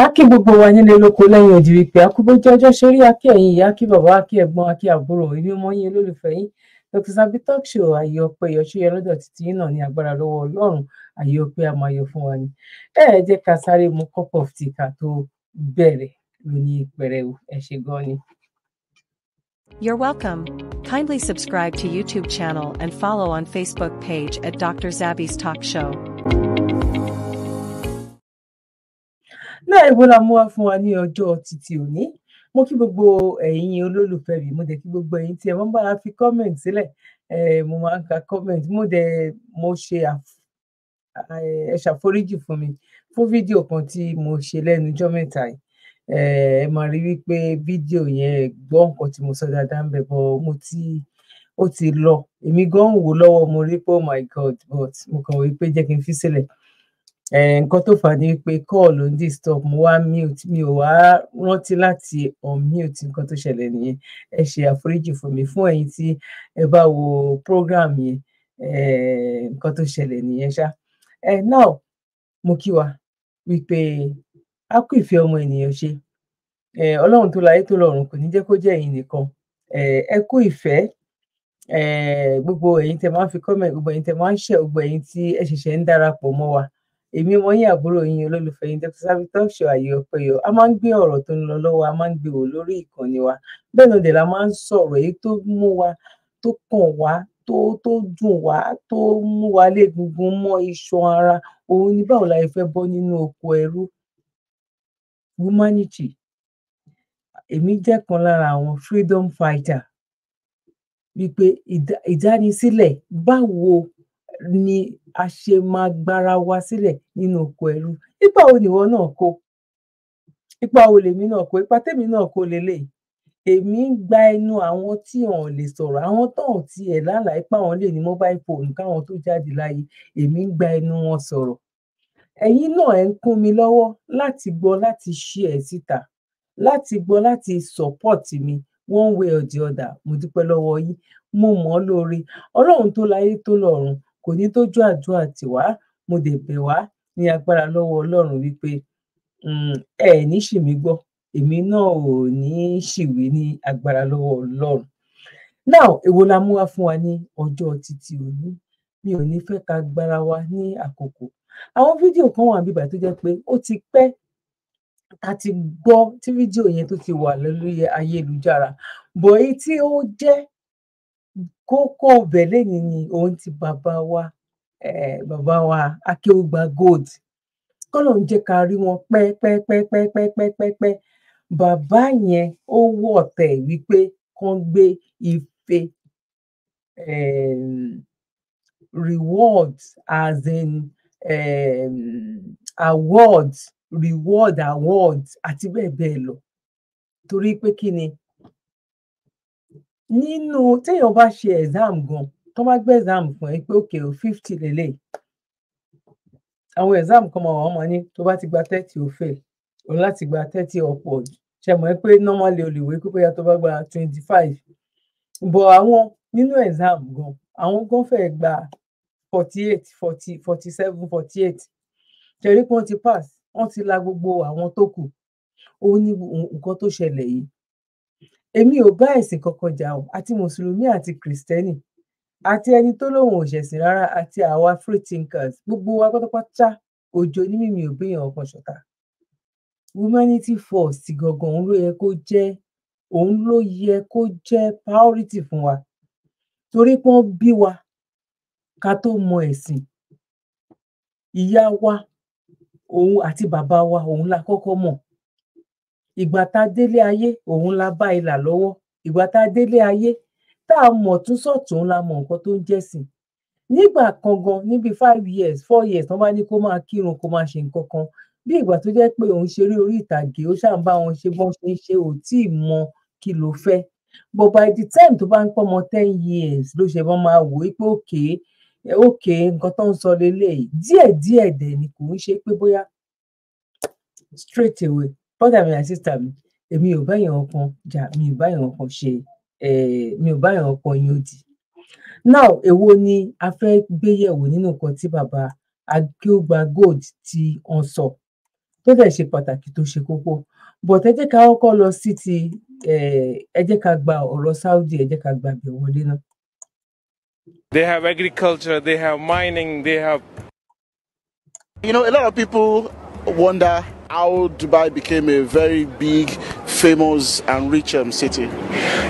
a gbogbo wa nílé lóko lẹ́yìn òdì wípé akúbójú ọjọ́ ṣorí akí ẹ̀yin ìyá akí bàbá akí ẹ̀gbọ́n akí àbúrò ìbí ọmọ yín olólùfẹ́ yín Dr. Zabby Talk Show àyè ọpẹ́ ìyọṣúyẹ lọ́dọ̀ títí yín náà ní agbára lọ́wọ́ Ọlọ́run àyè ọpẹ́ a fún wa ni ẹ ẹ ká sáré mu cup of tea ká tó bẹ̀rẹ̀ lóní pẹrẹwu ẹ ṣe gan ni. You're welcome. Kindly subscribe to YouTube channel and follow on Facebook page at Dr. Zabi's Talk Show. náà èwo la mú wá fún wa ní ọjọ́ títí òní mo kí gbogbo ẹ̀yin olólùfẹ́ mi mo dẹ̀ kí gbogbo ẹ̀yin tí ẹ máa ń bára fi comment sílẹ̀ mo máa ń ka comment mo dẹ̀ mo ṣe ẹ ṣàforíjì fún mi fún fídíò kan tí mo ṣe lẹ́nu ọjọ́ mẹ́ta yìí ẹ máa rí wípé fídíò yẹn gbọ́ nǹkan tí mo sọ dáadáa ń bẹ̀ bọ́ mo ti ó ti lọ èmi gan wò lọ́wọ́ mo rí pé oh my god but mo kàn wí pé jẹ́ kí n fi sílẹ̀ nǹkan tó fà á ni pé call ló ń disturb mo wá mute mi ò wá rántí láti unmute nǹkan tó ṣẹlẹ̀ nìyẹn ẹ ṣe àforíjì fún mi fún ẹ̀yin tí ẹ bá wo program yẹn nǹkan tó ṣẹlẹ̀ nìyẹn ṣá now mo kí wa wípé a kú ìfẹ́ ọmọ ènìyàn ṣe ọlọ́run tó láyé tó lọ́run kò ní jẹ́ kó jẹ́ ẹ̀yin nìkan ẹ kú ìfẹ́ gbogbo ẹ̀yin tẹ́ máa ń fi comment gbogbo ẹ̀yin tẹ́ máa ń share gbogbo ẹ̀yin tí ẹ ṣẹ̀ṣẹ̀ ń darapọ̀ mọ́ wa èmi ọmọ yín àbúrò yín olólùfẹ́ yín dr Savitore Ṣòwàyè Ọpẹ́yọ a máa ń gbé ọ̀rọ̀ tó ń lọ lọ́wọ́ a máa ń gbé wò lórí ìkànnì wa bẹ́ẹ̀ náà dẹ̀ la máa ń sọ̀rọ̀ èyí tó mú wa tó kàn wá tó tó dùn wá tó mú wa légungun mọ́ iṣan ara òun ni báwo la yẹ fẹ́ bọ́ nínú oko ẹrú humanity èmi jẹ́ kan lára àwọn freedom fighter wípé ìdánisílẹ̀ báwo ni a ṣe máa gbára wa sílẹ̀ nínú oko ẹrú ipa wo nìwọ náà kó ipa wo lèmi náà kó ipa tèmi náà kó leléyìí èmi ń gba ẹnu àwọn tí wọn lè sọ̀rọ̀ àwọn tóhùn tiẹ̀ lálàá ipa wọn lè ní mobile phone káwọn tó jáde láyé èmi ń gba ẹnu wọn sọ̀rọ̀ ẹ̀yin náà ẹ ń kún mi lọ́wọ́ láti gbọ́ láti ṣí ẹ síta láti gbọ́ láti support mi one way or the other mo dúpẹ́ lọ́wọ́ yín mo mọ̀ ọ́ lóore Ọlọ́run tó láyé tó lọ́run kò ní dójú àdúrà tiwa mo dẹ̀ bẹ̀ wá ní agbára lọ́wọ́ ọlọ́run wípé hmm, ẹ ní ṣì mí gbọ́ èmi náà ò ní ṣìwé ní agbára lọ́wọ́ ọlọ́run now èwo la mú wá fún wa ní ọjọ́ títí òní mi ò ní fẹ́ ká gbára wa ní àkókò àwọn fídíò kan wà bíbà tó jẹ́ pé ó ti pẹ́ ta ti gbọ́ tí fídíò yẹn tó ti wà lórí ayélujára bọ̀ èyí tí ó jẹ́ kókó ọbẹ̀ lẹ́yìn ni òun ti bàbá wa eh, bàbá wa akéwùgbà gold kọ́lọ̀ ń jẹ́ ká rí wọn pẹ́ẹ́pẹ́ẹ́pẹ́ẹ́pẹ́ẹ́pẹ́ẹ́pẹ́ bàbá yẹn ó wọ̀ ọ̀tẹ̀ wípé kán gbé ife um, rewards as in um, awards reward awards àti bẹ́ẹ̀ bẹ́ẹ̀ lọ torí pé kí ni nínú téèyàn bá ṣe exam gan tó bá gbé exam fún ẹ pé òkè o fifty lélẹ̀ àwọn exam kan máa wà wọ́n máa ní tó bá ti gba thirty o fail o láti gba thirty upward ṣe mọ̀ pé normally o lè wé pé bóyá tó bá gba twenty five bọ̀ àwọn nínú exam gan àwọn gan fẹ́ gba forty eight forty forty seven forty eight ṣe rí pé wọ́n ti pass wọ́n ti la gbogbo àwọn tó kù ó ní nǹkan tó ṣẹlẹ̀ yìí èmi ò bá ẹ̀sìn kankan jà o àti mùsùlùmí àti kìrìsìtẹ́nì àti ẹni tó lóun ò ṣẹ̀sìn rárá àti àwa free thinkers gbogbo wa pátápátá òjò ní mímì ò gbéyàn ọkàn ṣọ̀tá humanity first gangan òun ló yẹ kó jẹ́ òun ló yẹ kó jẹ́ priority fún wa torí pé wọ́n bí wa ká tó mọ ẹ̀sìn ìyá wa òun àti bàbá wa òun la kọ́kọ́ mọ̀ ìgbà tá a délé ayé òun la bá ìlà lọ́wọ́ ìgbà tá a délé ayé tá a mọ̀ tún sọ̀tún la mọ̀ nǹkan tó ń jẹ́sìn nígbà kangan níbi five years four years wọ́n bá ní kó máa kírun kó máa ṣe nǹkan kan bí ìgbà tó jẹ́ pé òun ṣeré orí ìtàgé ó ṣáà ń bá wọn ṣe bọ́n ṣe ń ṣe ò tí ì mọ kí ló fẹ́ but by the time tó bá ń pọ́ ọmọ ten years ló ṣe wọ́n máa wò ó pé òkè òkè nǹkan tó ń sọ lélẹ̀ yìí díẹ̀ dẹ̀ ni kò ń ṣe pé bóyá straight away brother mi àti sister mi èmi ò báyìí ọkàn jà mi ò báyìí ọkàn ṣe mi ò báyìí ọkàn yín ó di now èwo ni a fẹ́ gbé yẹ̀wò nínú nǹkan tí bàbá akéwògbà gold tí wọ́n sọ tó dẹ̀ ṣe pàtàkì tó ṣe kókó but ẹ jẹ́ ká kọ́kọ́ lọ sí ti ẹ jẹ́ ká gba ọ̀rọ̀ Saudi ẹ jẹ́ ká gba ibẹ̀ wọlé náà. They have agriculture, they have mining, they have. You know, a lot of people wonder how Dubai became a very big, famous and rich um, city.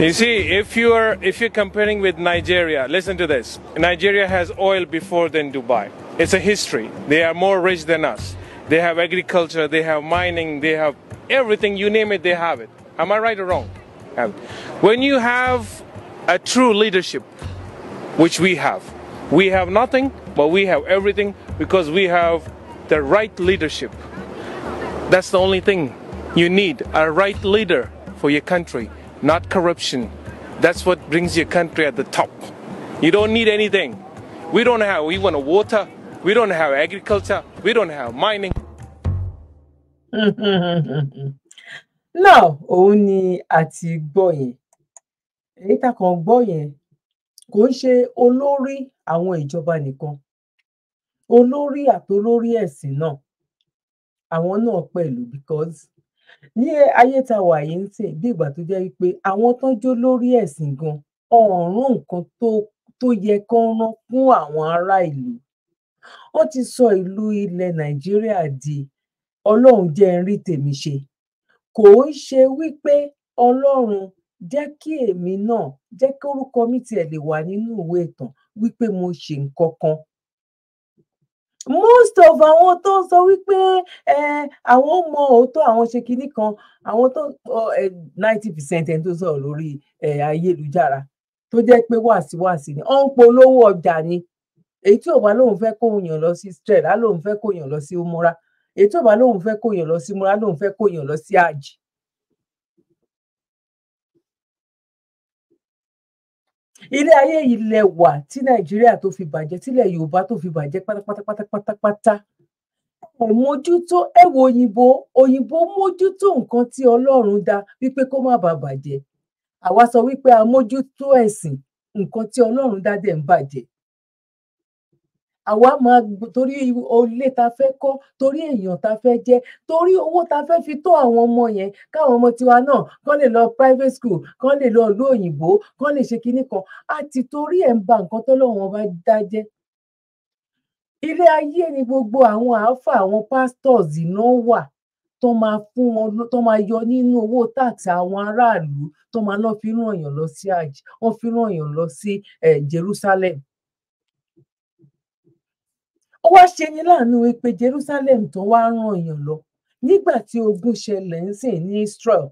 You see, if you are if you're comparing with Nigeria, listen to this. Nigeria has oil before than Dubai. It's a history. They are more rich than us. They have agriculture, they have mining, they have everything you name it, they have it. Am I right or wrong? When you have a true leadership, which we have, we have nothing, but we have everything because we have the right leadership. That's the only thing you need a right leader for your country, not corruption. That's what brings your country at the top. You don't need anything. We don't have We want water, we don't have agriculture, we don't have mining. Now only ni àti gbọ́ yẹn èyí tá kan gbọ́ yẹn kò ń ṣe olórí àwọn ìjọba nìkan olórí àtolórí ẹ̀sìn náà àwọn náà pẹ̀lú because ní ayé tá a wà yìí ń sè bí ìgbà tó jẹ́ pé àwọn tán jó lórí ẹ̀sìn gan ọ̀ràn nǹkan tó tó yẹ kán rán fún àwọn ará ìlú wọ́n ti sọ ìlú ilẹ̀ nàìjíríà di ọlọ́run jẹ́ ń rí tèmi ṣe kò ń ṣe wípé ọlọ́run jẹ́ kí èmi náà jẹ́ kí orúkọ mi tiẹ̀ lè wà nínú ìwé ìtàn wípé mo ṣe nǹkan kan most of àwọn tó ń sọ wípé àwọn mọ òótọ́ àwọn ṣe kinní kan àwọn tó ninety percent ẹni tó sọ̀rọ̀ lórí ayélujára tó jẹ́ pé wàsíwàsí ni ọ̀n polówó ọjà ni èyí tí ò bá lóun fẹ́ kó yàn lọ sí strel á lóun fẹ́ kó yàn lọ sí umura èyí tí ò bá lóun fẹ́ kó yàn lọ sí umura lóun fẹ́ kó yàn lọ sí àjì ilé ayé yìí lẹ wà tí nàìjíríà tó fi bàjẹ́ tílẹ̀ yorùbá tó fi bàjẹ́ pátápátápátápátá ẹ mójútó ẹ wo òyìnbó òyìnbó mójútó nǹkan tí ọlọ́run dá wípé kó má bàa bàjẹ́ àwa sọ wípé a mójútó ẹ̀sìn nǹkan tí ọlọ́run dá dẹ̀ ń bàjẹ́ àwa máa torí olè ta fẹ́ kọ́ torí èèyàn ta fẹ́ jẹ́ torí owó ta fẹ́ fi tó àwọn ọmọ yẹn káwọn ọmọ tiwa náà kán lè lọ private school kán lè lọ ìlú òyìnbó kán lè ṣe kinní kan àti torí ẹ̀ ń ba nǹkan tọ́lọ́wọ́n bá dá jẹ́ ilé ayé ni gbogbo àwọn àáfà àwọn pastors iná wà tó máa fún wọn tó máa yọ nínú owó tax àwọn aráàlú tó máa lọ fi ràn yàn lọ sí àjì wọn fi ràn yàn lọ sí eh, Jerusalem ó wá ṣe ni láàánú pé Jerusalem tó wá ràn èèyàn lọ nígbà tí ogun ṣẹlẹ̀ ń sìn ní Israel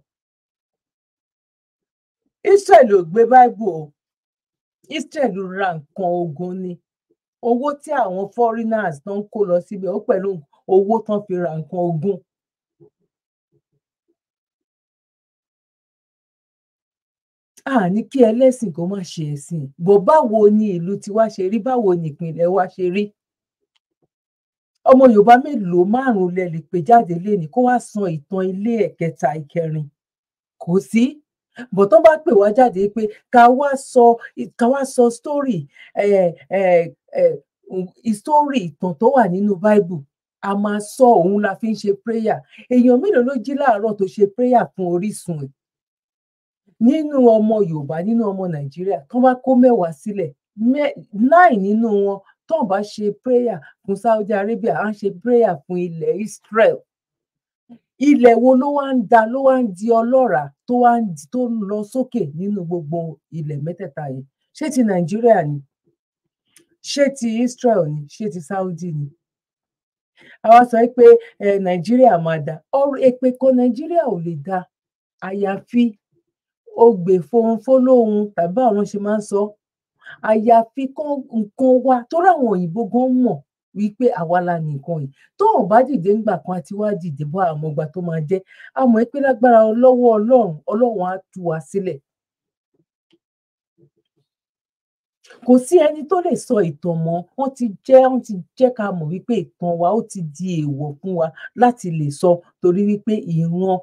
Israel ò gbé Bible o Israel ra nǹkan ogun ni owó tí àwọn foreigners tó ń kó lọ síbẹ̀ ó pẹ̀lú owó tán fi ra nǹkan ogun a ní kí ẹlẹ́sìn kó má ṣe ẹ̀sìn bò báwo ni ìlú tiwa ṣe rí báwo ni ìpínlẹ̀ wa ṣe rí ọmọ yorùbá mélòó márùnún lẹ lè pè jáde léni kó wáá san ìtàn ilé ẹ̀kẹta ìkẹrin kò sí bọ̀tán bá pè wá jáde pé ká wá sọ ká wá story story ìtàn tó wà nínú bible a máa sọ òun la fi ń ṣe prayer èèyàn mélòó ló jí láàárọ̀ tó ṣe prayer fún orísun ẹ̀ nínú ọmọ yorùbá nínú ọmọ nàìjíríà tó bá kó mẹ́wàá sílẹ̀ láì nínú wọn tó ń bá ṣe prayer fún Saudi Arabia à ń ṣe prayer fún ilẹ̀ Israel ilẹ̀ wo ló wá ń da ló wá ń di ọlọ́ra tó wá ń tó ń lọ sókè nínú gbogbo ilẹ̀ mẹ́tẹ̀ẹ̀ta yìí ṣé ti Nàìjíríà ni ṣé ti Israel ni ṣé ti Saudi ni àwa sọ pé Nàìjíríà máa da ọ̀rọ̀ èpè kan Nàìjíríà ò lè da àyàfi ogbè fohùn fólóhùn tàbí àwọn ṣe máa ń sọ àyàfi kan nǹkan wa torí àwọn òyìnbó gan mọ̀ wípé àwa la nìkan yìí tó ò bá dìde ńgbà kan àti wá dìde bọ́ àmọ́ ọgbà tó máa jẹ́ àmọ́ pé lágbára lọ́wọ́ ọlọ́run ọlọ́run á tú wa sílẹ̀. kò sí ẹni tó lè sọ ìtàn mọ́ wọ́n ti jẹ́ wọ́n ti jẹ́ ká mọ̀ wípé ìtàn wa ó ti di èèwọ̀ fún wa láti lè sọ torí wípé ìran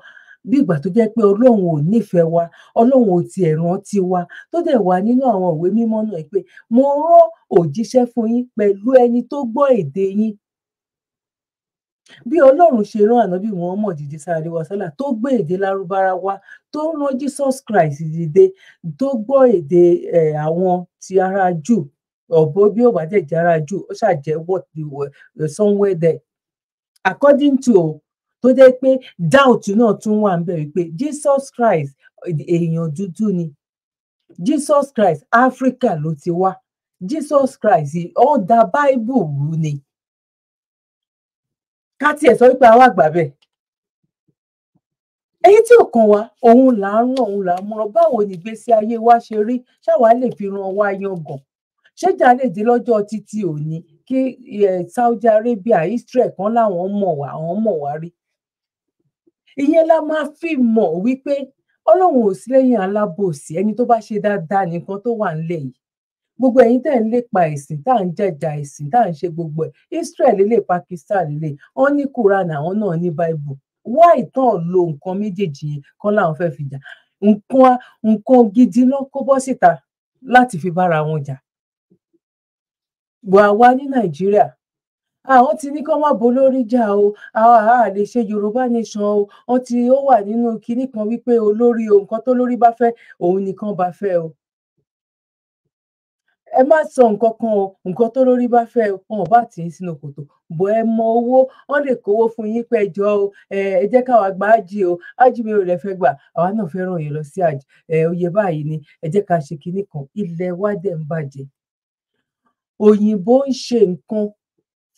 bí ìgbà tó jẹ́ pé ọlọ́run ò nífẹ̀ẹ́ wa ọlọ́run ò tiẹ̀ rántí wa tó dẹ̀ wà nínú àwọn ìwé mímọ́ náà pé mo rán òjíṣẹ́ fún yín pẹ̀lú ẹni tó gbọ́ èdè yín bí ọlọ́run ṣe rán ànábì muhammed jísà àríwáṣálà tó gbé èdè lárúbára wá tó rán jesus christ dìde tó gbọ́ èdè àwọn ti ara jù ọ̀bọ bí ó bá jẹ́ jù ó ṣàjẹ́ what the somewhere there according to tó jẹ́ pé doubt náà tún wà ń bẹ̀ wípé Jesus Christ èèyàn dúdú ni Jesus Christ Africa ló ti wá Jesus Christ ó da Bible rú ni ká tiẹ̀ sọ wípé àwa gbà bẹ́ẹ̀ èyí tí ò kàn wá òun là ń ràn òun là ń múra báwo ni ìgbésí ayé wa ṣe rí ṣáwa lè fi ran wa yangàn ṣéjà lè dé lọ́jọ́ títí òní kí Saudi Arabia Israel kan láwọn mọ̀ wá àwọn mọ̀ wá rí ìyẹn la máa fi mọ̀ wípé ọlọ́run ò sí lẹ́yìn alábòsí ẹni tó bá ṣe dáadáa nìkan tó wà nílẹ̀ yìí gbogbo ẹ̀yin tẹ́ ń lépa ẹ̀sìn tá à ń jàjà ẹ̀sìn tá à ń ṣe gbogbo ẹ̀ Israel lè Pakistan lè wọ́n ní Quran àwọn náà ní Bible wá ìtàn lo nǹkan méjèèjì yẹn kọ́ làwọn fẹ́ fi jà nǹkan nǹkan gidi náà kó bọ́ síta láti fi bára wọn jà wà wá ní Nàìjíríà àwọn ti ní kí wọn má bolórí jà o àwọn àá lè ṣe yorùbá nation o wọn ti ó wà nínú kinní kan wípé olórí o nǹkan tó lórí bá fẹ́ òun nìkan bá fẹ́ o ẹ má sọ nǹkan kan o nǹkan tó lórí bá fẹ́ wọn ò bá tì í sínú kòtò bọ ẹ mọ owó wọn lè kówó fún yín pé ẹjọ o ẹ jẹ́ káwa gba ájì o ájì mi ò lè fẹ́ gbà àwa náà fẹ́ ràn yín lọ sí àjì ẹ oyè báyìí ni ẹ jẹ́ ká ṣe kinní kan ilẹ̀ wa ń bàjẹ́ òyìnbó ń ṣe nǹkan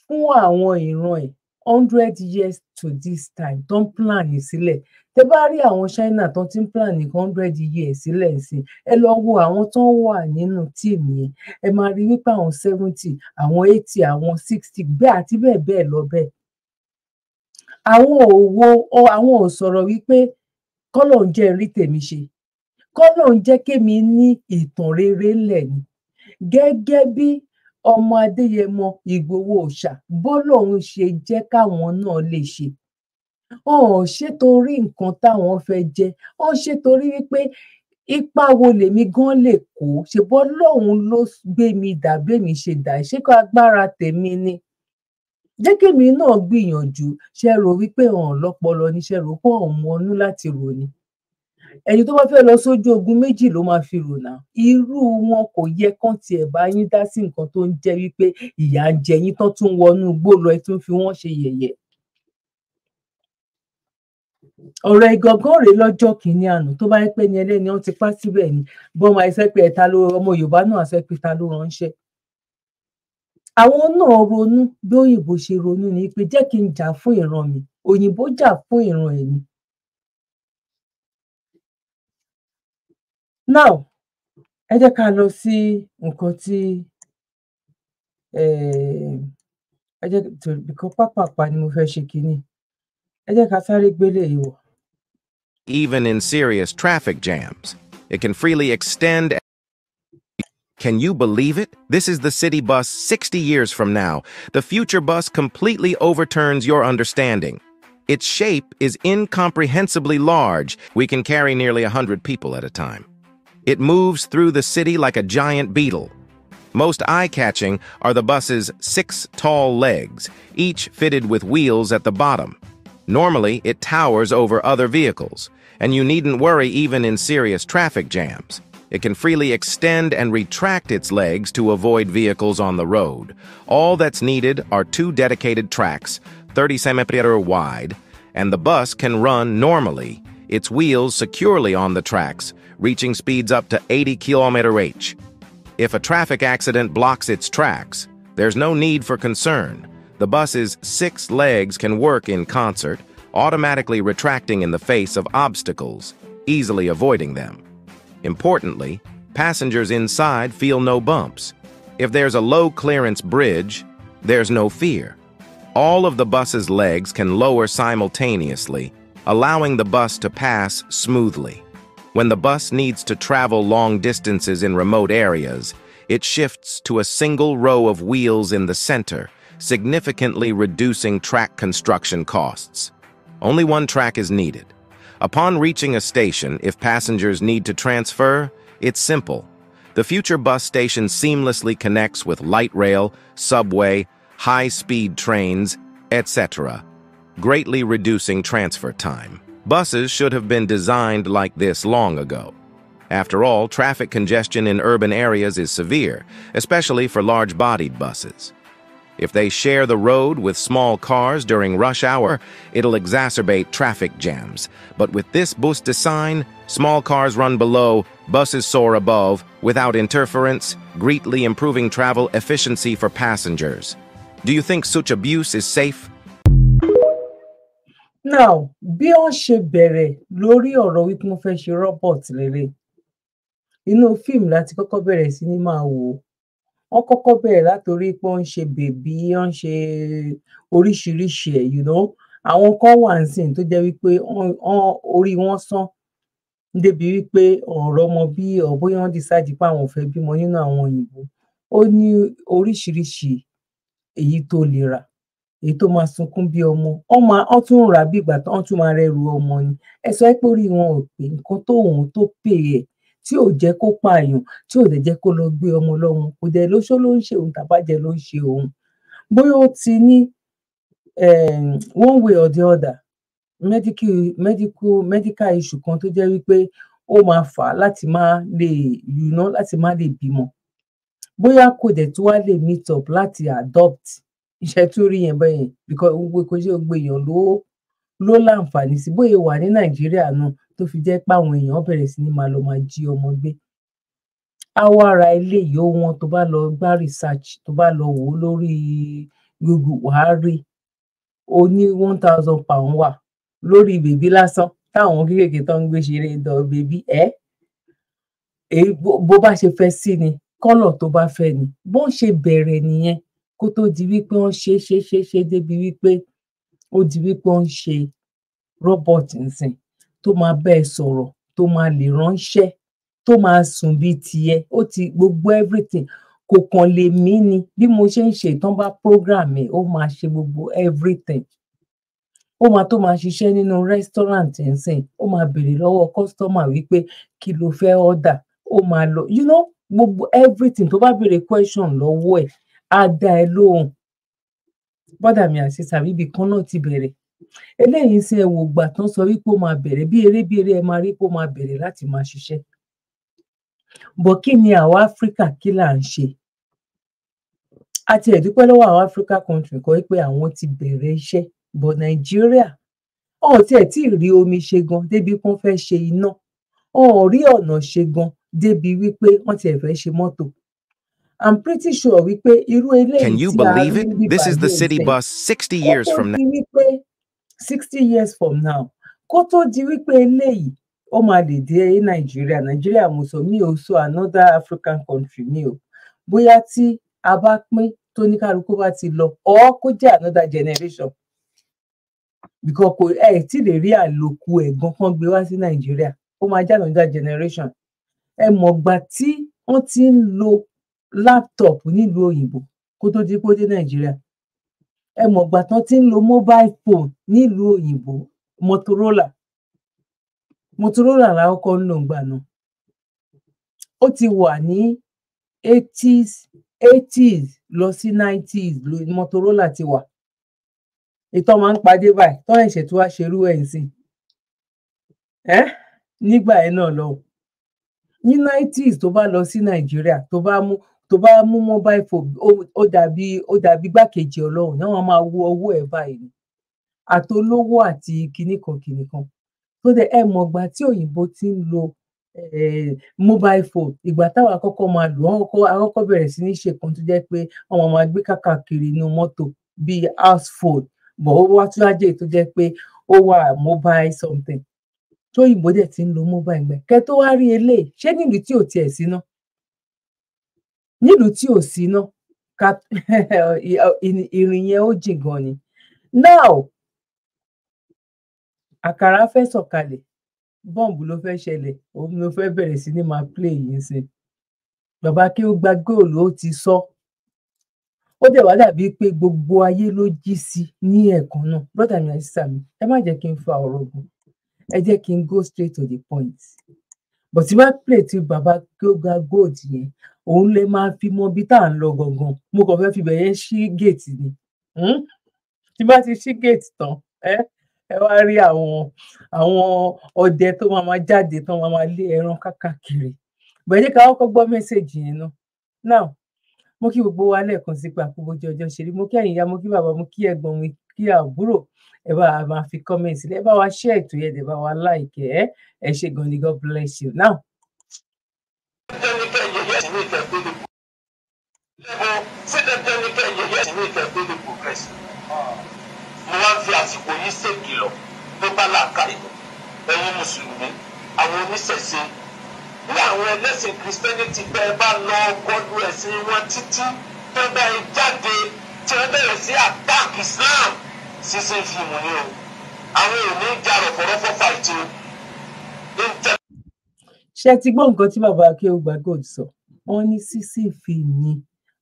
fún àwọn ìran ẹ̀ hundred years to this time tó ń plan sílẹ̀ tẹ bá rí àwọn China tó ti ń plan hundred years sílẹ̀ sí ẹ lọ wo àwọn tó ń wà nínú tíìmù yẹn ẹ máa rí wípé àwọn seventy àwọn eighty àwọn sixty bẹ́ẹ̀ àti bẹ́ẹ̀ bẹ́ẹ̀ lọ bẹ́ẹ̀ àwọn ò wo àwọn ò sọ̀rọ̀ wípé kọ́lọ̀ ń jẹ́ rí tèmi ṣe kọ́lọ̀ ń jẹ́ kémi ní ìtàn rere lẹ̀ ni gẹ́gẹ́ bí ọmọ adéyẹmọ ìgbòho òòṣà bó lòun ṣe jẹ káwọn náà lè ṣe wọn ò ṣe torí nǹkan táwọn fẹ́ jẹ wọn ṣe torí wípé ipa wo lèmi gan lè kó ṣèbọ lòun ló gbé mi dà bẹ́mi ṣe dà ṣékọ agbára tèmi ni jẹ́ kémi náà gbìyànjú ṣe rò wípé ọ̀n lọ́pọlọ ní ṣe rò pé ọ̀n mọ́nú láti rò ni ẹni tó bá fẹ́ lọ sójú ogun méjì ló máa fi rònà irú wọn kò yẹ kán tiẹ̀ bá yín dá sí nǹkan tó ń jẹ́ wípé ìyà ń jẹ yín tán tún wọnú igbó lọ ẹ tún fi wọ́n ṣe yẹ̀yẹ̀ ọ̀rọ̀ ìgangan rèé lọ́jọ́ kìíní àná tó bá yẹ pé ní ẹlẹ́ni wọ́n ti pa síbẹ̀ ni bọ́mọ àìsẹ́pẹ́ ẹ̀ta ló ọmọ yorùbá náà àìsẹ́pẹ́ ta ló ránṣẹ́ àwọn náà ronú bí òyìnbó ṣe ronú ni pé jẹ́ kí n jà fún ìran mi òyìnbó jà fún ìran ẹ̀ ni now eh, because ìwọ̀. Even in serious traffic jams, it can freely extend. Can you believe it? This is the city bus 60 years from now. The future bus completely overturns your understanding. Its shape is incomprehensibly large. We can carry nearly 100 people at a time. It moves through the city like a giant beetle. Most eye-catching are the bus's six tall legs, each fitted with wheels at the bottom. Normally, it towers over other vehicles, and you needn't worry even in serious traffic jams. It can freely extend and retract its legs to avoid vehicles on the road. All that's needed are two dedicated tracks, 30 cm wide, and the bus can run normally, its wheels securely on the tracks, reaching speeds up to 80 km h. If a traffic accident blocks its tracks, there's no need for concern. The bus's six legs can work in concert, automatically retracting in the face of obstacles, easily avoiding them. Importantly, passengers inside feel no bumps. If there's a low-clearance bridge, there's no fear. All of the bus's legs can lower simultaneously, allowing the bus to pass smoothly. When the bus needs to travel long distances in remote areas, it shifts to a single row of wheels in the center, significantly reducing track construction costs. Only one track is needed. Upon reaching a station, if passengers need to transfer, it's simple. The future bus station seamlessly connects with light rail, subway, high-speed trains, etc., greatly reducing transfer time. Buses should have been designed like this long ago. After all, traffic congestion in urban areas is severe, especially for large-bodied buses. If they share the road with small cars during rush hour, it'll exacerbate traffic jams. But with this bus design, small cars run below, buses soar above, without interference, greatly improving travel efficiency for passengers. Do you think such abuse is safe? now bí wọn ṣe bẹ̀rẹ̀ lórí ọ̀rọ̀ wípé wọn fẹẹ ṣe robot rere inú fíìmù láti kọ́kọ́ bẹ̀rẹ̀ sí ní máa wò ó wọn kọ́kọ́ bẹ̀rẹ̀ látòrí pé wọn ń ṣe bèbí wọn ń ṣe oríṣiríṣi ẹ you know àwọn kan wà nísìnyí tó jẹ́ wípé orí wọn sán débi wípé ọ̀rọ̀ ọmọ bí ọ̀bóyá wọn decide pé àwọn ò fẹ́ bímọ nínú àwọn òyìnbó ó ní oríṣiríṣi èyí tó lè rà èyí tó máa sunkún bí ọmọ wọn tún rà bí ìgbà tó wọn tún máa rẹrù ọmọ ni ẹ sọ pé orí wọn ò pé nǹkan tó òun tó pè ẹ tí ò jẹ́ kó pààyàn tí ò dẹ̀ jẹ́ kó lọ gbé ọmọ lọ́hùn kò dẹ̀ lóṣó ló ń ṣe òun tàbájẹ ló ń ṣe òun bóyá ó ti ní ehm, one way or the other medical medical medical issue kan tó jẹ́ wípé ó máa fà á láti má lè you know láti má lè bímọ bóyá kò dẹ̀ tún wá lè meet up láti adopt iṣẹ́ tó rí yẹn bẹ́ẹ̀ because gbogbo kò ṣe gbogbo èèyàn ló ló láǹfààní sí bóyá wà ní nàìjíríà náà tó fi jẹ́ pé àwọn èèyàn bẹ̀rẹ̀ sí ni máa lọ máa jí ọmọ gbé awọ ara ilé yìí ó wọn tó bá lọ gbá research tó bá lọ wò ó lórí Google wàá rí o ní one thousand pound wà lórí bèbí lásán táwọn kéékèèké tó ń gbé ṣeré dán bèbí ẹ bó bá ṣe fẹ́ sí ni kọ́lọ̀ tó bá fẹ́ ni bó ń ṣe bẹ̀rẹ̀ nìyẹn kó tó di wípé wọ́n ṣe ṣe ṣe ṣe débi wípé ó di wípé wọ́n ṣe robot nsìn tó máa bẹ́ẹ̀ sọ̀rọ̀ tó máa lè ránṣẹ́ tó máa sùn bí tiẹ̀ ó ti gbogbo everything kò kàn lè mí ni bí mo ṣe ń ṣe ìtàn bá program ẹ̀ ó máa ṣe gbogbo everything ó máa tó máa ṣiṣẹ́ nínú restaurant nsìn ó máa béèrè lọ́wọ́ customer wípé kí ló fẹ́ order ó máa lọ you know gbogbo everything tó bá béèrè question lọ́wọ́ ẹ̀ á dá ẹ lóhùn bọ́dà mi àti sàbíbì kan náà ti bẹ̀rẹ̀ eléyìí ṣe ẹ̀wò ìgbà tán sọ wípé ó máa bẹ̀rẹ̀ bí eré bí eré ẹ máa rí pé ó máa bẹ̀rẹ̀ láti máa ṣiṣẹ́ bọ̀ kí ni àwọn áfíríkà kí là ń ṣe àti ẹ̀dúpẹ́ lọ́wọ́ àwọn áfíríkà country kan pé àwọn ti bẹ̀rẹ̀ iṣẹ́ bọ̀ nàìjíríà ọ̀hún tiẹ̀ tí ì rí omi ṣe gan débi kan fẹ́ ṣe iná ọ̀hún rí ọ̀nà ṣe gan débi wípé wọ́n tiẹ̀ fẹ́ ṣe mọ́tò I'm pretty sure wípé irú eléyìí. Can you believe it? This is the city bus 60 years from now. 60 years from now. Koto tó di wípé eléyìí ó Nigeria. Nigeria muso Nàìjíríà. Nàìjíríà mi ò another African country mi o. Bóyá tí a bá pín tó ní another generation. Because kò ẹ̀ tí lè rí àlòkù ẹ̀gbọ́n kan gbé wá sí Nàìjíríà. Ó another generation. Ẹ mogbati tí wọ́n ti lo laptop nílùú òyìnbó kó tó di pé ó dé nàìjíríà ẹ mọ̀gbà tán ti ń lo mobile phone nílùú òyìnbó motorola motorola la ọkọ ń lò ńgbà náà ó ti wà ní eighties eighties lọ sí nineties lo motorola ti wà ìtọ́ máa ń padé báyìí tọ́ ẹ̀ṣẹ̀ tó wá ṣerú ẹ̀ ń sìn ẹ́ nígbà yẹn náà lọ ní nineties tó bá lọ sí nàìjíríà tó bá mú tó bá mú mobile phone ó dàbí ó dàbí gbàkejì ọlọ́run náà wọ́n máa wo ọwọ́ ẹ̀ báyìí àtolówó àti kìnnìkan kìnnìkan tó dẹ ẹ mọ̀gbà tí òyìnbó ti ń lo eh, mobile phone ìgbà táwọn àkọ́kọ́ máa lò wọ́n kọ́kọ́ àkọ́kọ́ bẹ̀rẹ̀ sí ní ṣe kan tó jẹ́ pé wọ́n máa gbé káàkiri inú mọ́tò bíi house phone bọ̀ ó wá tún ajé tó jẹ́ pé ó wà mobile something tóyìnbó dẹ̀ ti ń lo mobile gbẹ kẹ tó wá rí eléyìí ṣé nílùú tí ò tiẹ̀ sí náà nílùú tí ò sí náà ìrìn yẹn ó jìn gan ni now àkàrà fẹ́ sọ̀kalẹ̀ bọ́ǹbù ló fẹ́ ṣẹlẹ̀ òun ló fẹ́ bẹ̀rẹ̀ sí ni máa play yìí sí bàbá kí ó gba góòlù ó ti sọ ó dẹ̀ wá dàbíi pé gbogbo ayé ló jí sí ní ẹ̀ẹ̀kan náà brother mi àti sísá mi ẹ má jẹ́ kí n fa ọ̀rọ̀ gùn ẹ jẹ́ kí n go straight to the point bọ̀ tí bá play ti bàbá Gboga Gold yẹn òun lè máa fi mọ ibi tá à ń lọ gangan mo kàn fẹ́ fi bẹ̀yẹn ṣí gèètì ni hmm? tí bá ti ṣí gèètì tán ẹ ẹ wá rí àwọn àwọn ọdẹ tó máa máa jáde tó máa máa lé ẹran kákàkiri bẹ̀yẹ́ ká kọ́kọ́ gbọ́ mẹ́sẹ̀gì yẹn náà now mo kí gbogbo wa lẹ́ẹ̀kan sí pé àkókò jọjọ́ ṣe rí mo kí àyìnyá mo kí bàbá mo kí ẹ̀gbọ́n mi kí àbúrò ẹ bá a máa fi comment sílẹ̀ ẹ bá wa share ètò yẹn ẹ bá wa like ẹ ẹ ṣe gan ni God bless you now. mo wá fi àsìkò yìí ṣèkìlọ̀ tó bá làákàyè ẹ̀yin mùsùlùmí àwọn oníṣẹ̀ṣe bí àwọn ẹlẹ́sìn kìrìsìtẹ́nìtì bẹ́ ẹ bá lọ kọlu ẹ̀sìn wọn títí tó bá ẹ jáde tí wọ́n bẹ̀rẹ̀ sí attack Islam ṣíṣe fíìmù ni o àwọn èmi ń jà rọ̀pọ̀rọ̀pọ̀ fàìtì o. ṣé ti gbọ́ nǹkan tí bàbá akéwùgbà gold sọ wọ́n ní ṣíṣe fíìmù ni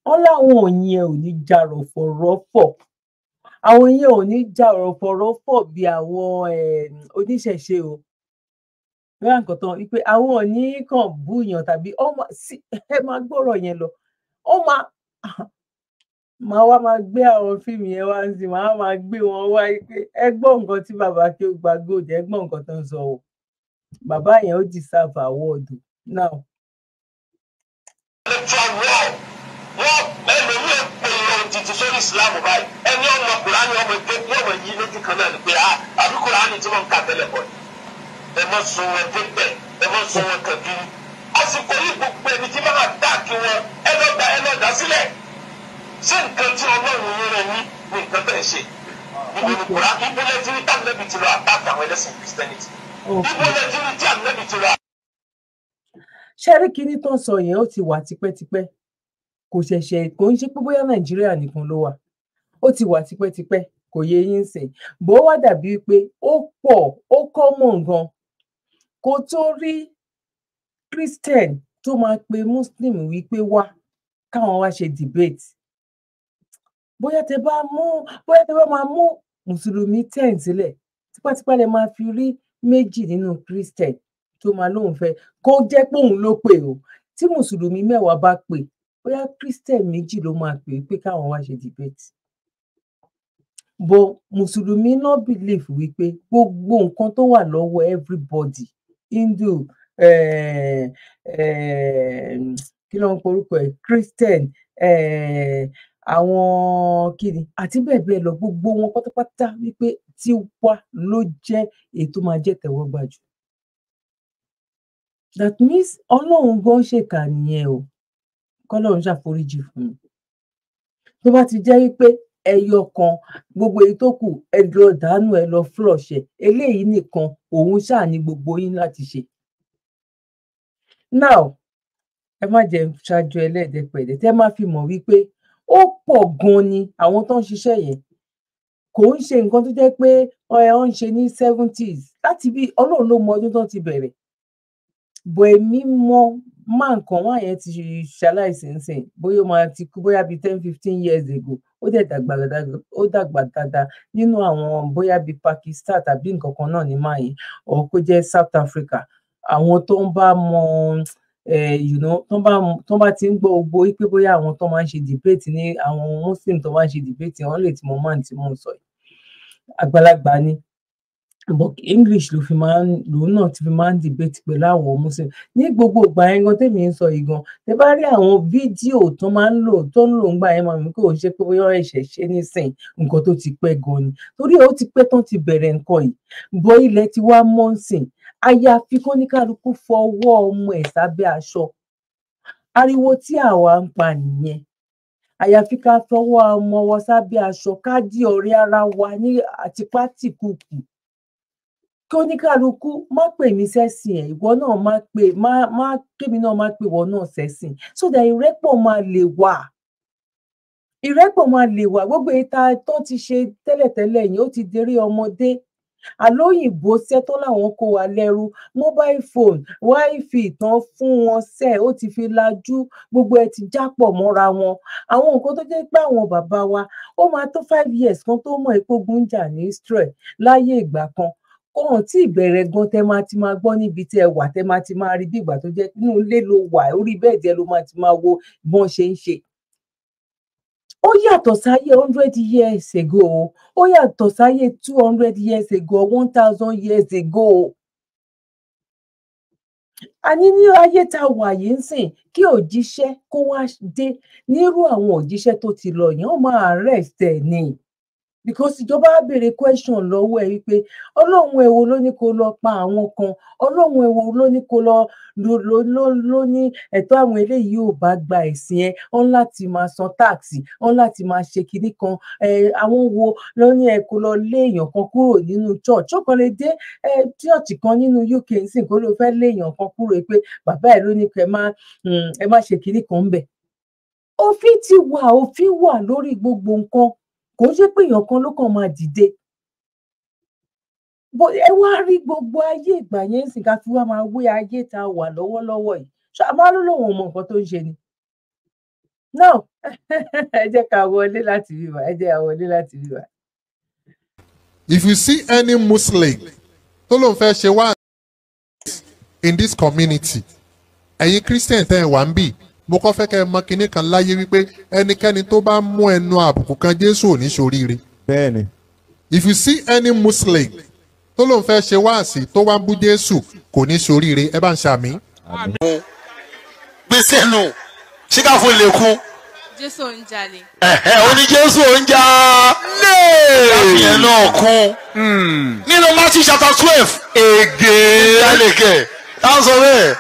wọ́n láwọn òyìn ẹ̀ ò ní jà rọ̀pọ̀rọ̀pọ̀ àwọn yẹn ò ní jà rọ̀pọ̀rọ̀pọ̀ bí àwọn oníṣẹ̀ṣe o lọ́wọ́ nǹkan tán wípé àwọn ò ní kàn búyàn tàbí ọmọ ẹ máa gbọ́rọ̀ yẹn lọ ó màá wá máa gbé àwọn fíìmù yẹn wá sí màá máa gbé wọn wá pé ẹ gbọ́ nǹkan tí bàbá kí ó gba gold ẹ gbọ́ nǹkan tó ń sọ bàbá yẹn ó deserve sa now. ẹni ọmọ ọmọ ọmọ yìí lójú kan náà ni pé ah, tí ń ń ṣe ibo ni kura ibo lẹ́tí rí tá ànábì ti lọ àtàkì àwọn ẹlẹ́sìn christianity ibo lẹ́tí rí tí ànábì ti lọ. ṣẹ́rí kínní tó ń sọ yẹn ó ti wà tipẹ́tipẹ́ kò ṣẹ̀ṣẹ̀ kò ń ṣe pé bóyá nàìjíríà nìkan ló wà ó ti wà tipẹ́tipẹ́ kò yẹ yín sìn bó wá dàbí pé ó pọ̀ ó kọ́ mọ̀ gan kó tó rí christian tó máa pe muslim wípé wá káwọn wá ṣe debate bóyá tẹ bá mú bóyá tẹ bá máa mú mùsùlùmí ten sílẹ̀ tipátipá lẹ máa fi rí méjì nínú christian tó máa lóun fẹ́ kó jẹ́ pé òun ló pè o tí mùsùlùmí mẹ́wàá bá pè bóyá christian méjì ló máa pè pé káwọn wá ṣe debate bó mùsùlùmí náà believe wípé gbogbo nǹkan tó wà lọ́wọ́ everybody hindu eh, eh, kí ló ń porúkọ ẹ̀ christian eh, àwọn kiri àti bẹ́ẹ̀ bẹ́ẹ̀ lọ gbogbo wọn pátápátá wípé tiwa ló jẹ́ èyí tó máa jẹ́ tẹ̀wọ́gbà jù that means ọlọ́run gan ṣèkà nìyẹn o kọ́lọ́run ṣàforíjì fún mi tó bá ti jẹ́ wípé ẹyọ kan gbogbo èyí tó kù ẹ lọ dànù ẹ lọ flush ẹ eléyìí nìkan òun ṣáà ní gbogbo yín láti ṣe now ẹ má jẹ́ ṣáájú ẹlẹ́ẹ̀dẹ́pẹ̀ẹ́dẹ́ tẹ́ má fi mọ̀ wípé ó pọ̀ gan ni àwọn tó ń ṣiṣẹ́ yẹn kò ń ṣe nǹkan tó jẹ́ pé ọ̀ẹ́ ọ̀ ń ṣe ní seventies láti bí ọlọ́run ló mọ ọdún tó ti bẹ̀rẹ̀ bọ̀ èmi mọ máa nǹkan wá yẹn ti ṣaláìsí nsìn bóyá ó máa ti kú bóyá bíi ten fifteen years ago ó dẹ̀ dàgbà ó dàgbà dáadáa nínú àwọn bóyá bíi Pakistan tàbí nǹkan kan náà ní máa yẹn ọ̀ kó jẹ́ South Africa àwọn tó ń bá mọ tán bá ti ń gbọ́ gbogbo pé bóyá àwọn tó máa ń ṣe debate ní àwọn muslim tó máa ń ṣe debate wọn lè ti mọ man tí mò sọ àgbàlagbà ni but english ló fi máa ń lòun náà ti fi máa ń debate pẹ̀lú àwọn muslim ní gbogbo ìgbà yẹn gan tèmi ń sọ yìí gan tẹ bá rí àwọn fídíò tó máa ń lò tó ń lò ń gbà yẹn máa mú kí ṣe pé bóyá ẹ̀ṣẹ̀ ṣe nísìn nǹkan tó ti pẹ́ gan ni torí ó ti pẹ́ tán ti bẹ̀rẹ̀ nǹkan yìí bọ́ ilẹ̀ ti wá mọ́ǹsìn àyàfi kó ní kálukú fọwọ́ ọmọ ẹ̀ sábẹ́ aṣọ ariwo tí àwa ń pa nìyẹn àyàfi ká fọwọ́ ọmọ wọn sábẹ́ aṣọ ká di ọ̀rẹ́ ara wa ní àtipátìkùkù kí oníkálukú má pè mí sẹ́sìn ẹ̀ ìwọ náà má pè má má kémi náà má pè ìwọ náà sẹ́sìn so that ìrẹ́pọ̀ máa lè wà ìrẹ́pọ̀ máa lè wà gbogbo ìta tó ti ṣe tẹ́lẹ̀tẹ́lẹ̀ yìí ó ti déré ọmọdé àlóyìnbó ṣe tó láwọn kó wa lẹ́rú mobile phone wáìfì ìtàn fún wọn ṣe ó ti fi lajú gbogbo ẹ ti jápọ̀ mọ́ra wọn àwọn nǹkan tó jẹ́ pé àwọn bàbá wa ó máa tó five years kan tó mọ̀ ìpógun jà ní Israel láyé ìgbà kan kọ́hàn tí ìbẹ̀rẹ̀ gan tẹ máa ti máa gbọ́ níbi tẹ wà tẹ máa ti máa rí bí ìgbà tó jẹ́ inú ilé ló wà orí bẹ́ẹ̀dì ẹ ló máa ti máa wo bọ́n ṣe ń ṣe ó yàtọ̀ sáyé hundred years ago o ó yàtọ̀ sáyé two hundred years ago one thousand years ago o a ní ní ayé tá a wà yìí ń sìn kí òjíṣẹ́ kó wá dé nírú àwọn òjíṣẹ́ tó ti lọ yẹn ó máa rẹ̀ tẹ̀ ni because ìjọba béèrè question lọ́wọ́ ẹ wípé ọlọ́run èwo ló ní kó lọ pa àwọn kan ọlọ́run èwo ló ní kó lọ ló ní ẹ̀tọ́ àwọn eléyìí ò bá gba ẹ̀sìn ẹ ọ̀n láti máa san táàkì ọ̀n láti máa ṣe kinní kan àwọn wo ló ní ẹ kó lọ lé èèyàn kan kúrò nínú church ó kàn lè dé church kan nínú UK nsìn kó ló fẹ́ lé èèyàn kan kúrò pé bàbá ẹ ló ní kẹ má mm, ẹ má ṣe kinní kan ń bẹ̀ òfin ti wà òfin wà lórí gbogbo nǹkan kò ṣe pé èèyàn kan ló kàn máa dìde ẹ wá rí gbogbo ayé ìgbà yẹn ń sìn ká fi wá máa wé ayé tá wà lọ́wọ́lọ́wọ́ yìí ṣàmá ló lóun mọ nǹkan tó ń ṣe ni now ẹ jẹ́ ká wọlé láti wíwá ẹ jẹ́ ká wọlé láti wíwá. if you see any muslim tó lóun fẹ́ ṣe wá in this community ẹ̀yin christian tẹ́ ẹ̀ wá ń bì mo kọ́ fẹ́ kẹ́ ẹ mọ kinní kan láyé wípé ẹnikẹ́ni tó bá mú ẹnu àbùkù kan Jésù ò ní ṣoríire. bẹ́ẹ̀ni. if you see any Muslim tó lóun fẹ́ ṣe wáàsí tó wá ń bú Jésù kò ní ṣoríire ẹ bá ń ṣàmì. gbèsè nù ṣíkà fún lẹ́kún. Jésù ń jalè. ẹ̀hẹ́ ó ní Jésù ń jà lé. náà kún. Hmm. nínú Matthew chapter twelve. ege. ìdálẹ́kẹ̀ táwọn sọ bẹ́ẹ̀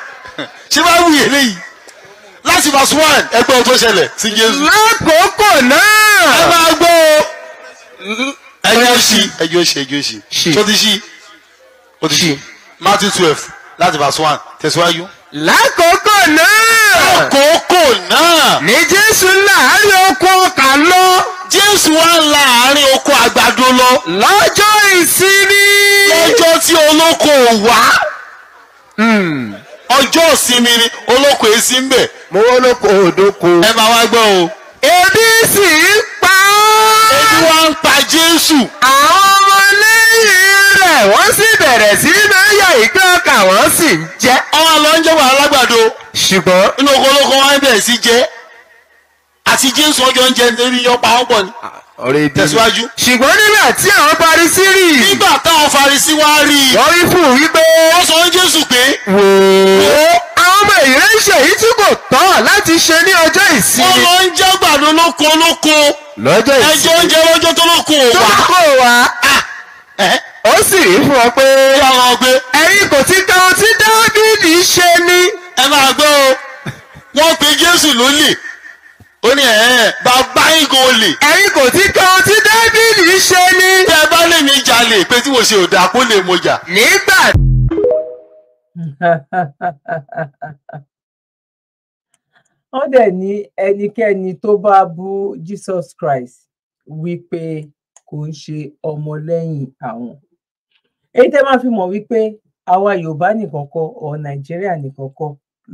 ṣé bá wù yẹn léyìí láti verse one ẹgbẹ́ ohun tó ṣẹlẹ̀ sí Jésù. lákòókò náà. ẹ máa gbọ́ ẹjọ́ sí ẹjọ́ sí ẹjọ́ sí tó ti sí ó ti sí Matthew twelve láti verse one tẹ̀síwájú. lákòókò náà. lákòókò náà. ní Jésù láàárín oko ọkà lọ. Jésù wá láàárín oko àgbàdo lọ. lọ́jọ́ ìsinmi. lọ́jọ́ tí olóko wá. Hmm. ọjọ́ ìsinmi ni olóko èsì ń bẹ̀ mo wọ́n ló kó òdòkó. ẹ máa wá gbọ́ o. ebi sì ń pa ọ́. ebi wá ń pa jésù. àwọn ọmọ lẹ́yìn rẹ̀ wọ́n sì bẹ̀rẹ̀ sí máa yọ ìgbẹ́ ọkà wọ́n sì ń jẹ. ọmọ àlọ́ ń jẹ́ wàhálà gbàdo. ṣùgbọ́n. inú oko olóko wa ń bẹ̀rẹ̀ sí jẹ́ àti jésù ọjọ́ ń jẹ nítorí yọ pa ọ́n pọ̀ ni tẹ̀síwájú. ṣùgbọ́n nígbà tí àwọn Farisí rí i. nígbà táwọn Farisí wá rí i. wọ́n rí fún wípé. wọ́n sọ pé ìrẹsẹ̀ yìí tí kò tọ́ láti ṣe ní ọjọ́ ìsinmi. wọ́n lọ ń jẹ́ gbàdo lóko lóko. lọ́jọ́ ìsinmi ẹjọ́ oúnjẹ lọ́jọ́ tó lóko wá. tó kò wá. Ah, ó sì rí fún ọ pé. yà wọ́n gbé. ẹ̀yin kò ti ka ohun tí dáwọ́dìdì ṣe ni. ẹ máa gbọ́ o wọ́n pe jésù lólè ó ní ẹ̀ bàbá yín kò lè. ẹ̀yin kò ti ka ohun tí dáwọ́dìdì ṣe ni. bí ẹ bá lè mi jalè pé tí mo ṣe ò dáa kó lè mo jà. nígbà tí. wọ́n dẹ̀ ní ẹnikẹ́ni tó bá bú Jesus Christ wípé kò ń ṣe ọmọlẹ́yìn àwọn èyí tẹ́ máa fi mọ̀ wípé àwa Yorùbá nìkan kọ́ ọ Nàìjíríà nìkan kọ́